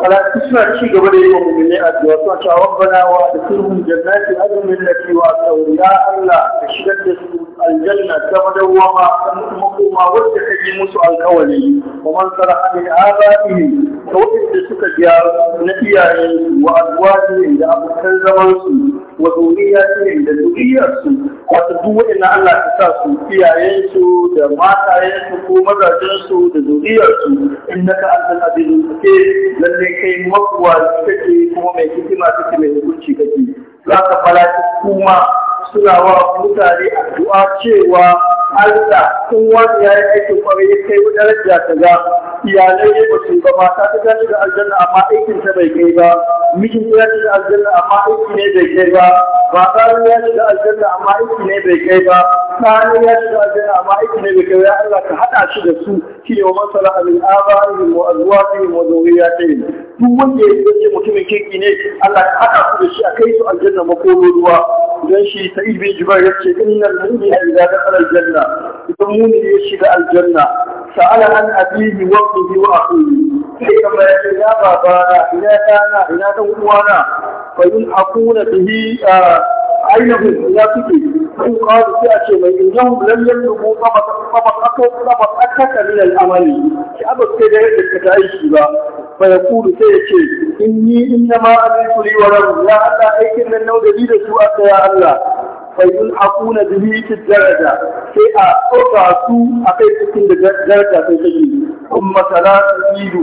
malaiku suna ci gaba da yi wa a addu'a suna cewa rabbana wa adkhilhum jannati adnin lati wa tawriya Allah ka shigar da su aljanna ta madawwama kuma kuma wacce ka yi musu alkawari wa man saraha min abaihi da wanda suka biya na iyaye wa azwajihi da abokan zaman su wa ne da zuriyarsu wato duk wa'annan Allah ta sa su iyayensu da matayensu ko su da zuriyarsu innaka antal azizul hakim lalle kai makuwa kake kuma mai hikima kake mai hukunci kake za ka falaki kuma suna wa mutane addu'a cewa Allah kun wani ya yi aikin kwarai ya kai daraja ta ga iyalai ne ba su ba ta ta gani da aljanna amma aikin ta bai kai ba mijin ya ci da aljanna amma aiki ne bai kai ba ba tsari ya ci da aljanna amma aiki ne bai kai ba tsari ya ci da aljanna amma aiki ne bai kai ba ya Allah ka haɗa shi da su shi ne wa masala abin abarihim mu azwajihim ya zuriyatihim duk wanda ya ce mutumin kirki ne Allah ka haɗa su da shi a kai su aljanna zama ruwa don shi ta ibn jubair yace innal a idza dakhala aljanna idan mu'min ya shiga aljanna sa'ala an abihi wa abdihi wa akhihi sai kamar yace ya babana ina dana ina dan uwana fa yun aquna bihi ah, ainihin ya suke sun kawo sai a ce mai injan lallan rubu tsabakato tsabakataka min al'amali ki abu sai da yadda ka ta aiki ba fa ya kudu sai ya ce in ni in na ma wa rabu ya haɗa aikin nan nau da ni da su a ya Allah fa yun hakuna bihi fi daraja sai a ɗauka su a kai cikin da daraja sai take kuma salatu idu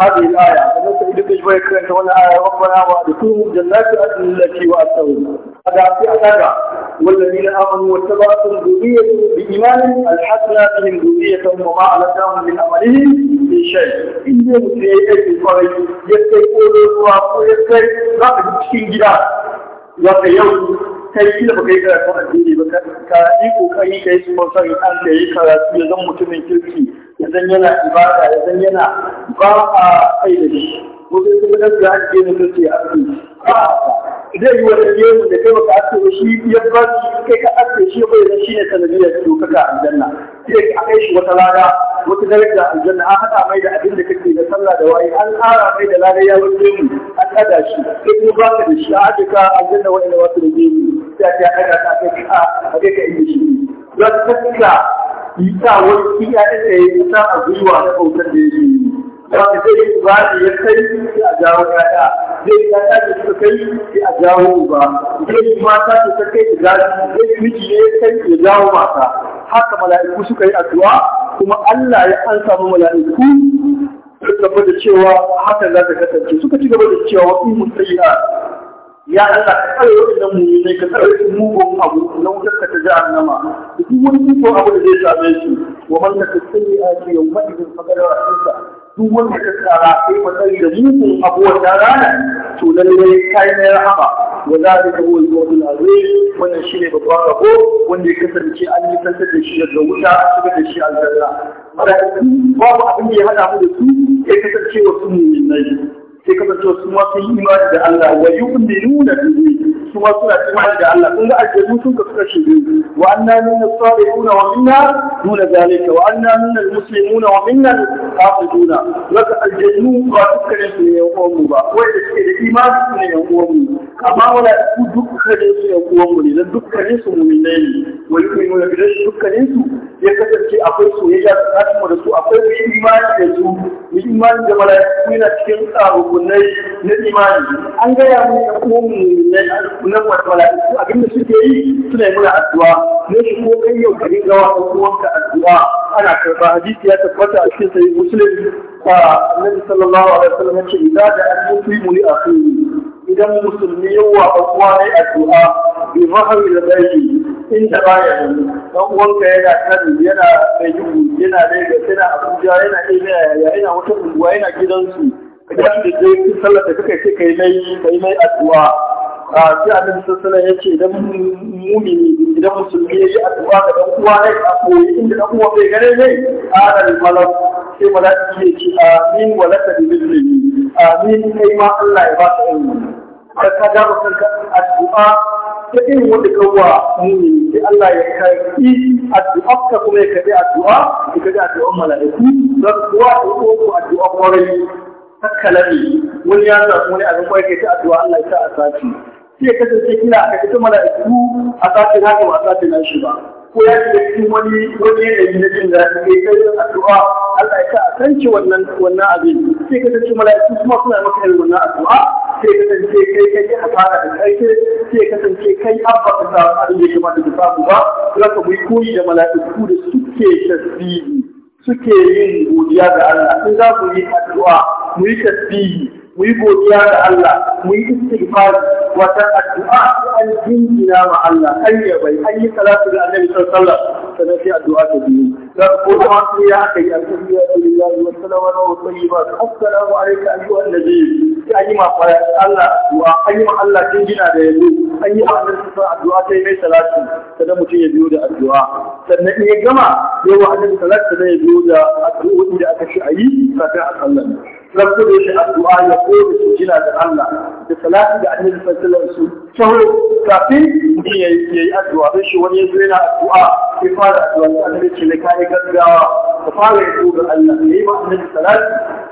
هذه الآية فلنسى إذا تجبه كرنت هنا آية ربنا وأدخلهم جنات أدن التي وأسرهم هذا في أدنى والذين آمنوا واتبعتهم ذريتهم بإيمان الحسنى بهم ذريتهم وما أعلناهم من أمرهم من شيء إن يمسي أيدي الفرج يسكي قولوا وعفو يسكي رقم تشكين جدا وقيوم kai yi da baka yi karatu addini ba ka yi kokari ka yi sponsor an ka yi karatu ya zan mutumin kirki idan yana ibada idan yana ba a kai da shi mutum kuma da su haɗe ne kace a kai ba zai yi wani gemu da kai baka ake shi ya ba kai ka ake shi bai da shi ne sanadiyar dokaka aljanna sai ka kai shi wata lada wata daraja aljanna an haɗa mai da abin da kake da sallah da waye an ƙara mai da lada ya wuce mu an ɗaga shi sai kuma ba ka da shi a haɗe ka aljanna wa'ina wasu da gemu sai a ce a ɗaga ka a kai ka inda shi don tattaka yi sa wani shi ya ɗaya yi sa a gwiwa na bautar da ya yi. ba ta yi ba da ya kai sai a jawo ƴaƴa, zai yi ƴaƴa da suka kai sai a jawo uba, zai yi mata da ta kai da zai yi miji ne ya kai ya jawo mata. Haka mala'iku suka yi addu'a kuma Allah ya an samu mala'iku suka da cewa haka za ta kasance suka ci gaba da cewa in musayya ya Allah ka tsare waɗannan mu'minai ka tsare su mugun abu na wutar ka ta nama. duk wani mugun abu da zai same su wa man ka tsare a ce yau madadin fagara a cikinsa duk wanda ka tsara sai matsayi da mugun abu wata rana to lallai kayan rahama wa zalika huwa al-mawdul azim wannan shine babban rabo wanda ya kasance an yi tantar da shi daga wuta a shigar da shi aljanna malaiku babu abin da ya hada mu da su ya kasance na yi. sai kasance su ma sun yi imani da Allah wa yu'minuna bihi su ma suna imani da Allah kun ga aljanu sun ka suka shige wa anna minna as-salihuna wa minna duna zalika wa anna minna al-muslimuna wa minna al-qasituna laka aljanu ba suka ne su ne uwan mu ba wai da suke da imani su ne uwan mu amma wala su dukkanin su ne uwan mu ne dan dukkanin su mu'minai ne wa yu'minuna bihi dukkanin su ya kasance akwai soyayya tsakanin mu da su akwai imani da su imani da mala'iku yana cikin tsaro rukunai na imani an gaya mu da kuma na wata mala'iku abinda suke yi suna yi muna addu'a ne shi ko kai yau ka dinga wa uwanka addu'a ana karba hadisi ya tabbata a cikin sahih muslim a annabi sallallahu alaihi wasallam yace idza da al-muslimu li akhihi idan musulmi yawa uwa ne addu'a bi mahari da bai inda baya da dan uwanka yana kan yana bai yana daga yana Abuja yana Ina yana wata unguwa yana gidansu idan da je sallar da kake ce kai mai kai mai addu'a a sai annabi sallallahu alaihi yace idan mu'mini idan musulmi yayi addu'a ga dan uwa ne a koyi inda dan uwa bai gare ne a da malak sai malaki ya ce amin wa laka bi bizni amin kai ma Allah ya ba ka ilimi ka ka ga kanka addu'a ta irin wanda kawa mu'mini sai Allah ya karbi addu'a ka kuma ya karbi addu'a ka ga addu'a mala'iku dan kuwa ko addu'a kwarai kakkalabi wani ya sa wani abin kwai ke ta addu'a Allah ya sa a sati. sai ya kasance kina a kaji mala'iku a sati na ko a sati na shi ba ko ya ce cikin wani wani ne ne jin daɗi kai kai addu'a Allah ya sa a sanci wannan wannan abin sai ya kasance mala'iku kuma suna maka irin wannan addu'a sai ya kasance kai kai ya hasara da ƙarshe sai ya kasance kai an ba ka samu abin da ya kamata da samu ba za ka bi koyi da mala'iku da suke tasbihi suke yin godiya ga Allah in za ku yi addu'a mu yi tasbihi mu yi godiya ga Allah mu yi istighfar wata addu'a an jinjina ma Allah an yabai an yi salatu da annabi sallallahu alaihi wasallam sai addu'a ta biyu za ku ko da su ya kai alhamdulillahi wa salawatu wa tayyibat assalamu alayka ayyuhan nabi sai an yi ma fara Allah Wa an yi ma Allah jinjina da yanzu an yi ma Allah sallallahu addu'a sai mai salatu sannan mutum ya biyo da addu'a sannan in ya gama yawa annabi sallallahu alaihi wasallam ya biyo da addu'o'i da aka shi a yi kafin a sallan na kudu shi addu'a ya koda su jira da Allah da salati da annabi sallallahu alaihi wasallam taho kafin mutum ya addu'a don shi wani ya yana addu'a sai fara addu'a sai annabi ce ne kai gaggawa ka fara yi ga Allah ne ma annabi salati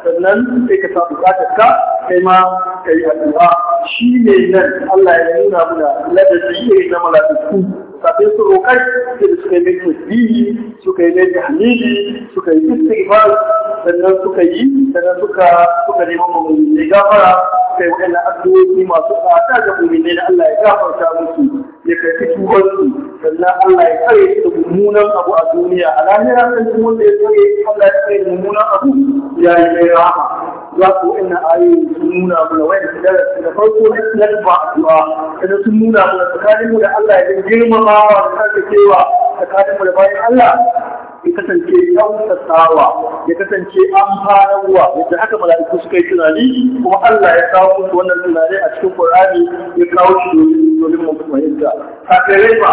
sannan sai ka sa bukatar ka kai ma ka addu'a shi ne nan Allah ya nuna muna ladabi ne na mala'iku kafin su roƙar sai suka yi mai tasbihi suka yi mai tahmidi suka yi istighfar sannan suka yi sannan suka suka nemi mummuni gafara suka yi wadannan addu'o'i masu tsada ga ne na Allah ya gafarta musu ya kai tuban su sannan Allah ya kare su da mummunan abu a duniya a lahira sun ji wanda ya kare Allah ya kare mummunan abu ya yi mai rama za ku ina ayoyi sun nuna mana wayan darasi da farko na nan ba addu'a sannan sun nuna mana tsakaninmu da Allah ya girmamawa da karfafa cewa tsakaninmu da bayan Allah ya kasance ɗaukasawa ya kasance amfanarwa yadda haka mala'iku suka yi tunani kuma Allah ya kawo musu wannan tunani a cikin Qur'ani ya kawo shi domin mu fahimta kafirai ba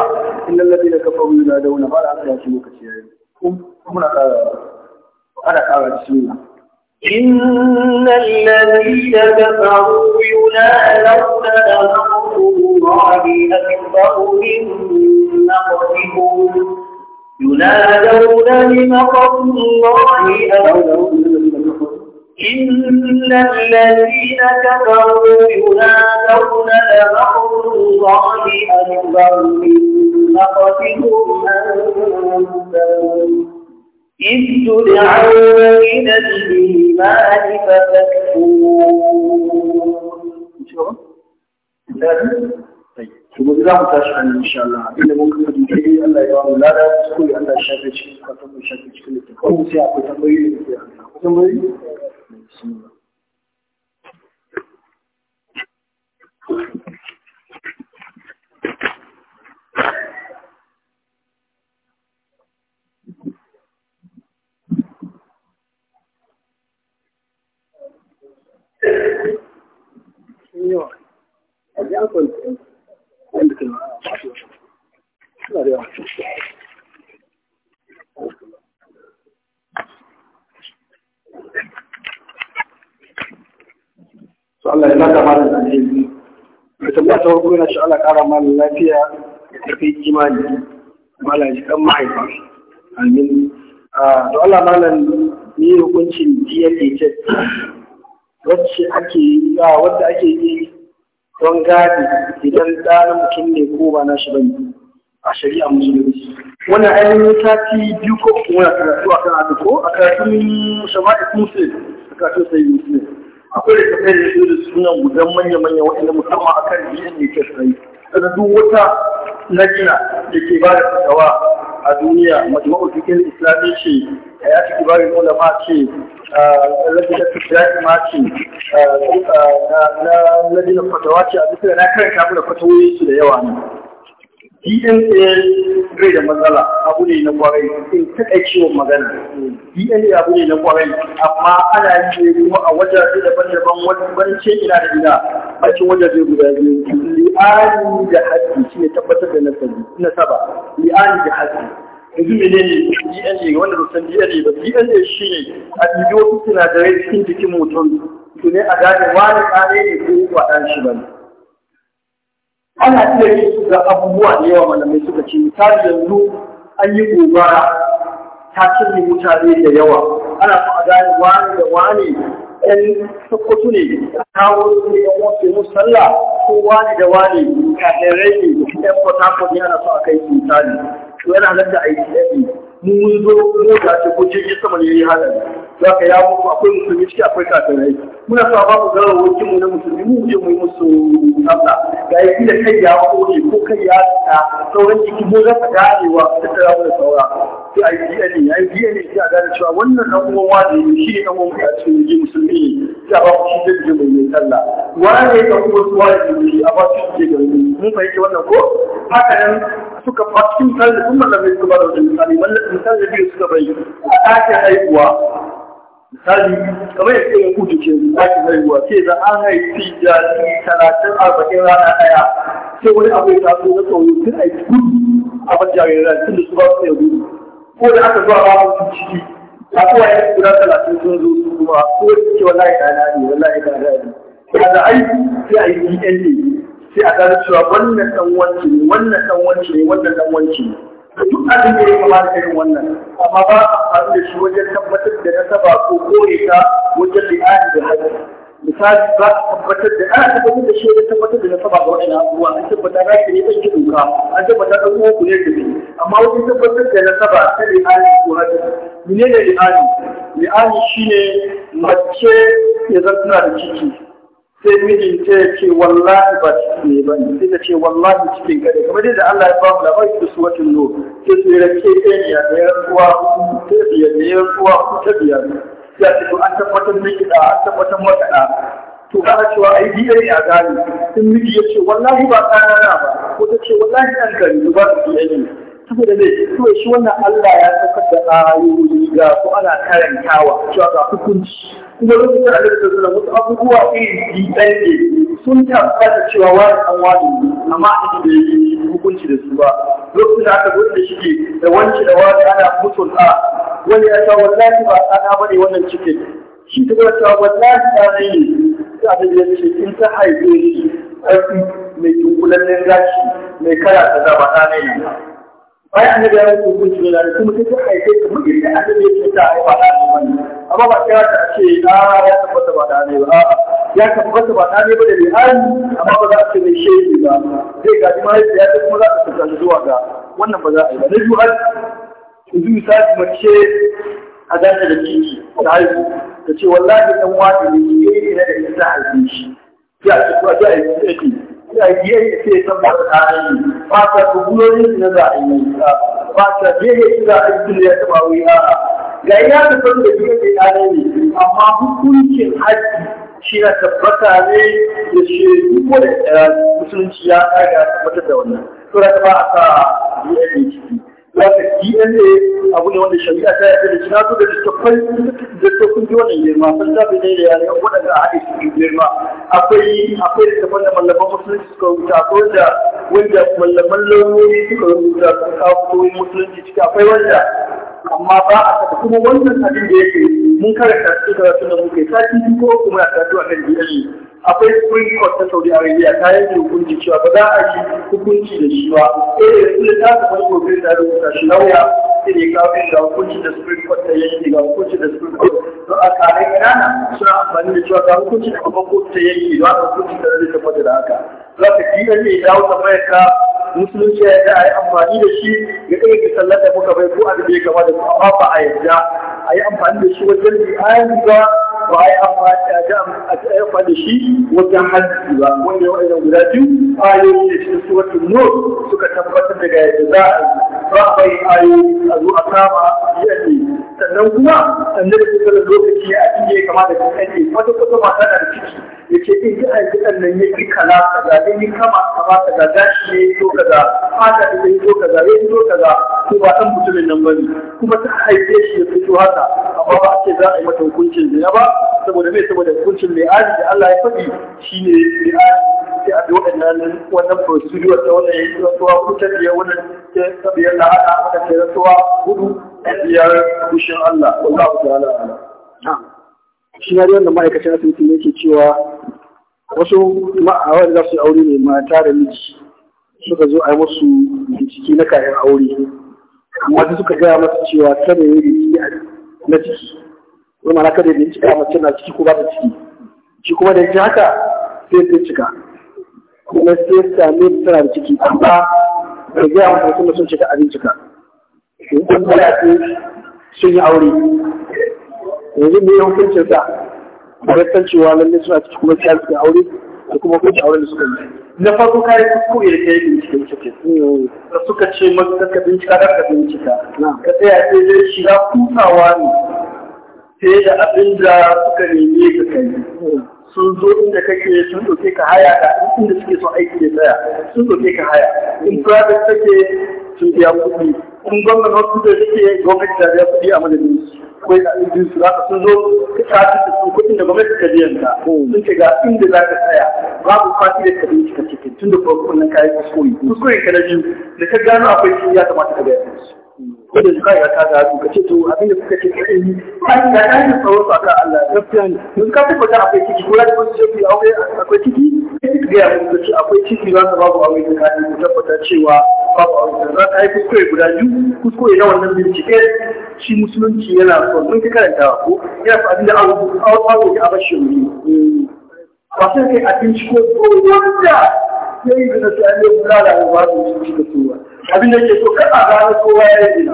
innal ladina kafaru dauna, ba da aka yi lokaci yayin muna ƙara ana ƙara suna إن الذين كفروا ينالون نصر الله أكبر من نقصهم ينادون لمقر الله أولا إن الذين كفروا ينادون لمقر الله أكبر من مقتهم أنفسهم إذ تدعون إلى الإيمان فتكفرون gobe za mu tashi a nan insha Allah inda mun kuma dubi Allah ya ba mu lada su Allah ya shafe cikin kafin mu shafe cikin littafin mu sai akwai tambayoyi da ke akwai tambayoyi Thank you. wanda ke suna Allah ya nada malam da alheri da tambaya ta farko Allah kara malam lafiya da tafi imani malam ji mahaifa amin ah, to Allah malam ni hukuncin diya ce wacce ake ah, ake yi don gadi idan ɗan mutum ne ko ba na shi bane a shari'a musulunci wannan ainihin sati biyu ko kuma muna karatu a kan abu ko a karatun shama'a musulun a karatun sai musulun akwai da kafai da su da sunan gudan manya-manya waɗanda musamman a kan biyan ne ke sai sannan duk wata nagina da ke ba da fitawa a duniya majmu'ul fiqh islami ce ya ci kibarin ulama ce ladina fiqh ma ce na ladina fatawa ce a da na karanta mu da fatawoyin su da yawa ne DNA bai da matsala abu ne na kwarai in kaɗa ciwon magana. DNA abu ne na kwarai amma ana yi ne kuma a wajaje daban-daban wani ce ina da ina a cikin wajaje guda biyu. Li'ani da haƙƙi shi ne tabbatar da nasaba. Li'ani da haƙƙi. yanzu mene ne DNA ga wanda san DNA ba DNA shi ne a bidiyo sinadarai cikin jikin mutum su ne a gane wani tsare ne ko ba ɗan shi ba ne. ana iya yin su ga abubuwa da yawa malamai suka ce misali yanzu an yi gobara ta cinye mutane da yawa ana so a gane wani da wani ɗan Sokoto ne kawo su ne yan wasu yin sallah ko wani da wani kahirai ne ɗan port ne ana so a kai su misali to yana nan a yi tsaye mun zo mota ce ko jirgin sama ne ya yi haɗari za ka yawo akwai musulmi ciki akwai kafirai muna sa ba ku gawa wakin na musulmi mu je mu yi musu sallah ga yaki da kai ya kore ko kai ya ta sauran jiki mu za ka ganewa da tara mu da saura sai a yi ne a yi ne sai a gane cewa wannan dan uwan ne shi ne dan uwan a cikin jiki musulmi sai a ba ku shi da jiki mai sallah wani dan uwan su wani jiki a ba su jiki da mun fahimci wannan ko haka nan suka fatin sallah sun mallamai su ba da wani misali mallamai misali da biyu suka bayyana a take haihuwa misali kamar ya ce ku ke zaki haihuwa ce da an haifi jariri talatin arba'in rana ɗaya sai wani abu ya taso na tsoro tun a yi gudu a ban jariran tun da su ba su ya gudu ko da aka zuwa babu su ciki a kowa ya guda talatin sun zo su kuma ko da ce wallahi ɗana ne wallahi ɗana ne da aiki sai a yi DNA sai a gane cewa wannan ɗan wanci ne wannan ɗan wanci ne wannan ɗan wanci ne duk abin da ya da yin wannan amma ba a faru da shi wajen tabbatar da nasaba ko kore ta wajen li'ani da hajji misali za a tabbatar da ana tabbatar da shi wajen tabbatar da nasaba ga wa'ina abubuwa an tabbata za ki ne ɗan ki doka an tabbata ɗan uwan ku ne da ne amma wajen tabbatar da nasaba ta li'ani ko hajji menene li'ani li'ani shine mace ya zartuna da ciki sai miji ta ya ce wallahi ba ciki ne ba ne sai ta ce wallahi cikin gare kamar da Allah ya ba mu labari da su watan no sai su yi rake ɗaya da ya ruwa ta biyar da ya ruwa ta biyar ya ce to an tabbatar miki da an tabbatar maka da to kana cewa ai biye ne a gani in miji ya ce wallahi ba kana na ba ko ta ce wallahi an gari ba su biye ne saboda ne kuma shi wannan Allah ya saukar da ayoyi ga ko ana karantawa cewa ga hukunci kuma lokacin a lokacin suna wasu abubuwa irin ɗan ne sun tabbata cewa wani an wani amma a da yi hukunci da su ba lokacin da aka gudu shige da wanci da wani ana mutum a wani ya sa wallahi ba tsana ba ne wannan cikin shi ta gwada cewa wallahi tsana ne ta da ya ce in ta haife shi ƙarfi mai dunkulannen gashi mai kara ta zaba tsana ne bayan annabi ya mutu hukunci ne da kuma sai haife ka muke da annabi ya ce ta haifa da ne wannan amma ba ta ta ce na ya tabbata ba da ne ba ya tabbata ba da ne ba da rihani amma ba za a ce mai shehi ba zai gaji ya ta kuma za ta tafi zuwa ga wannan ba za a yi ba na biyu har yanzu misali mace a gata da ciki ta haihu ta ce wallahi dan wani ne ke yi na da ita haife shi ya ce ko a ji a yi biyar ya ce san ba ta hanyar ba ta kuburorin na za a yi ba ta biyar ya ce za a yi tun ya taɓa wuri a ga ya ta san da biyar ya kare ne amma hukuncin haji shi na tabbata ne da shi duk wanda musulunci ya kaga tabbatar da wannan. Sura ta ba a sa biyar ne ciki. haka DNA abu ne wanda shari'a ta yarda da shi na so da littattafai littattafin ji wannan girma falsafi ne da yare waɗanda a haɗe su girma akwai akwai littattafan da mallaman musulunci suka rubuta akwai wanda wanda mallaman lauyoyi suka rubuta suka kawo musulunci ciki akwai wanda amma ba a saka kuma wannan abin da yake mun karanta su da wasu da muke sati ko kuma a sati wannan biyan akwai spring court ta Saudi Arabia ta yi hukunci cewa ba za a yi hukunci da shi ba sai da su ta kuma gobe da rubuta shi lauya ne kafin ga hukunci da supreme court ta yanki ga hukunci da supreme court to a kare kanana suna amfani da cewa ga hukunci da babban court ta yanki ga hukunci da zai tabbata da haka za ka ji ne ya dawo tambayar ka musulunci ya yi a yi amfani da shi ga ɗaya ga sallar da muka bai ko abin da ya gaba da su, amma ba a yarda a yi amfani da shi wajen bi'ayen ba ba a yi amfani da shi wajen hajji ba wanda ya wa'ina guda biyu ayoyi da shi suratun nur suka tabbatar daga yadda za a yi bakwai ayoyi a zo a kama yadda sannan kuma annabi kusa da lokaci a cikin ya kamata ta kake wata kusa mata da ciki ya ce in ji a yi nan ya ki kaza kaza in yi kama kaza kaza gashi ne ya zo kaza haka da ya zo kaza ya zo kaza ko ba ɗan mutumin nan ba ne kuma ta haife shi ya fito haka amma ba a ce za a yi mata hukuncin zina ba saboda mai saboda hukuncin mai aji da Allah ya faɗi shine mai aji sai a bi waɗannan wannan procedure ta wannan ya rasuwa hudu ta biyar wannan ta biyar na haɗa aka ce rasuwa hudu ta biyar kushin Allah wallahu ta'ala. Na'am. shi na da ma'aikacin asibiti ne ke cewa wasu ma'awar za su yi aure ne mata da miji suka zo a yi musu bincike na kayan aure amma da suka gaya masu cewa kada ya yi na ciki ko mana kada ya bincika mace na ciki ko ba ta ciki shi kuma da ya haka sai ya cika kuma sai ya same tana da ciki amma da gaya masa kuma sun cika abin cika sun yi aure yanzu ne hukuncin sa rikon cewa lallai suna cikin kuma sai suka aure da kuma kuma auren da suka yi na farko kai ko ya kai bincike cikin da suka ce maka ka bincika da ka bincika ka tsaya sai dai shiga kusawa ne sai da abin da suka neme ka kai sun zo inda kake sun doke ka haya da inda suke son aiki da tsaya sun doke ka haya in private take sun biya kuɗi in gwamnati hospital take gwamnati ta biya kuɗi a madadin su akwai da ɗin su za ka sun zo ka tafi da sun kuɗin da gwamnati ka biyan ka sun ce ga inda za ka tsaya babu fati da ka bincika cikin tun da farko nan kayan kuskure kuskure ka na biyu da ka gano akwai shi ya kamata ka gaya musu ko da zuwa ya kaga su ka ce to abin da kuka ce ka yi ai ga kai yi tsaro a kan Allah gaskiya ne mun ka tabbata akwai ciki ko da kun ce ku aure akwai ciki sai ka ga mun ce akwai ciki za ka babu aure da kai tabbata cewa babu za ka yi kuskure guda biyu kuskure na wannan bincike shi musulunci yana son mun ka karanta ko yana fa abinda aure ya bar shi ba sai kai a binciko ko wanda sai da na sai ne kula da ba su shi da kowa abin da ke so kar a gano kowa ya yi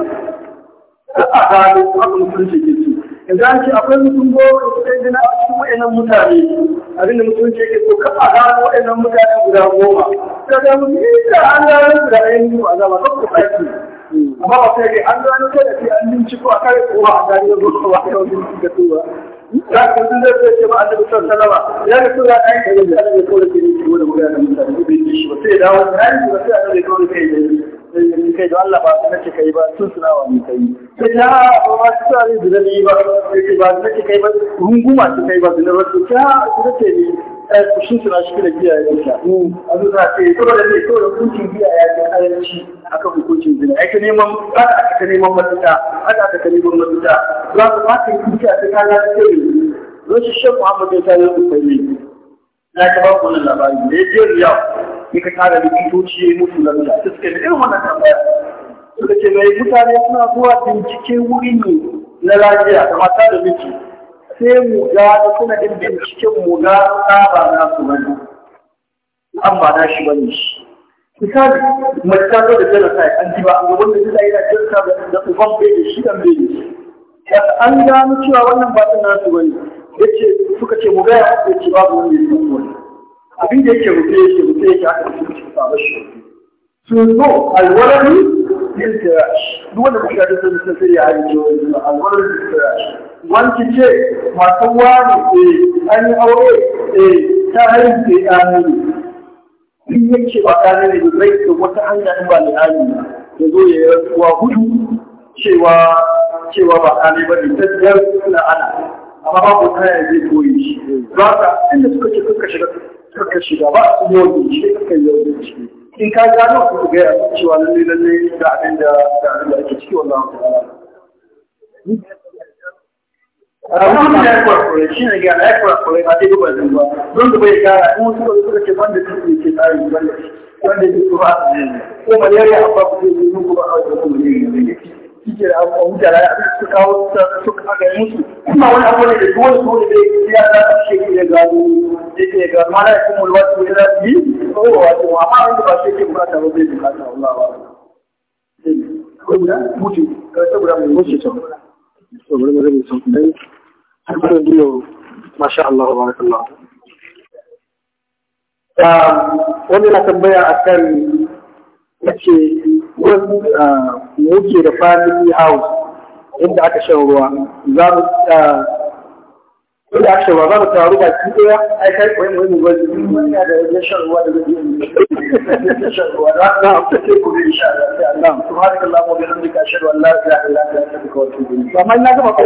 kar a gano abin musulunci ke so yanzu an ce akwai mutum goma da suka yi zina a cikin wa'annan mutane abinda mutum ce ke so kafa gano wa'annan mutane guda goma sai ga mutum yi da an gano guda su da ainihin a zama kan ku sake amma ba sai an gano sai da sai an binciko a kare kowa a gani da zuwa ba yau bincika tuwa za ka sun zai sai ce ba a daga son salama ya ga tura ɗan da yanzu ana mai kowace ne ke wani mutane da mutane da bai ji shi ba sai ya dawo da yanzu ba sai ana mai kowace ne in kai da Allah ba su nace kai ba sun suna wa mun kai sai ta ba ma su tsari da ni ba sai ba su nace kai ba runguma su kai ba su nace ah, su ya eh, su nace ni sun suna shi da biya ya hmm, ta a zo ta ce to da ne to da hukuncin biya ya ta karanci akan hukuncin zina ai ka neman ba ta ka neman mafita ba ta ka neman mafita za su ba ka yi kuka ta kana ta ce Rashin Shan Muhammadu ya ta yi na ta ba ku wannan labari da ya je riyal ya ka tara likitoci ya yi da lafiya ta suka yi irin wannan tambaya suka ce mai mutane suna zuwa bincike wuri ne na lafiya da mata da miji sai mu ga suna ɗin binciken mu ga saba na su bane an ba na shi bane shi misali mace ta zo da genocide an ji ba an ga wanda zai yana genocide da uban bai da shi dan bai da shi an gano cewa wannan ba ta nasu bane yace suka ce mu ga ya ku ce babu wanda ya san wani abin da yake rufe yake rufe yake aka rufe shi ba ba shi sun zo alwalani yin tirash duk wanda kuka da sun sun sai ya yi ce wani alwalani yin tirash wanki ce masu wani eh an yi aure eh ta hanyar da ya amini in yake ba kane ne zai da wata hanya in ba li'ani ya zo ya yi rasuwa hudu cewa cewa ba kare ba ne ta biyar suna ana amma babu kayan zai koyi shi za ka inda suka ce suka shiga suka shiga ba su yi wani shi suka yi wani shi in ka gano ku ga ya cewa lalle lalle da abin da da abin da ake ciki wannan Rahoton ya yi kwakwai shi ne ga ya kwakwai ba zai duba zan ba don da bai gara in wasu da suka ce wanda su ne ke tsari wanda wanda ke kuma ko malaria ba ku zai yi ba a wajen kuma ne shike da abubuwa wuta da abin su kawo su kaga musu kuma wani abu ne da dole dole da ya za su shege da gano da ke ga mana ya kuma wasu da za su yi ko wato amma wanda ba shege bukata ba zai bukata Allah ba ko guda mutu ka ta guda mai mutu ta to bari mu rabi sun dai har kuma diyo masha Allah barakallahu ah, wani na tambaya akan yace muke da family house inda aka shan ruwa za mu inda aka za mu taru ba ki ɗaya ai kai koyi mu yi gwaji da ya shan ruwa da shan ruwa da na ku insha Allah wa bihamdika ashhadu an la ilaha illa anta astaghfiruka wa atubu ilayk amma ina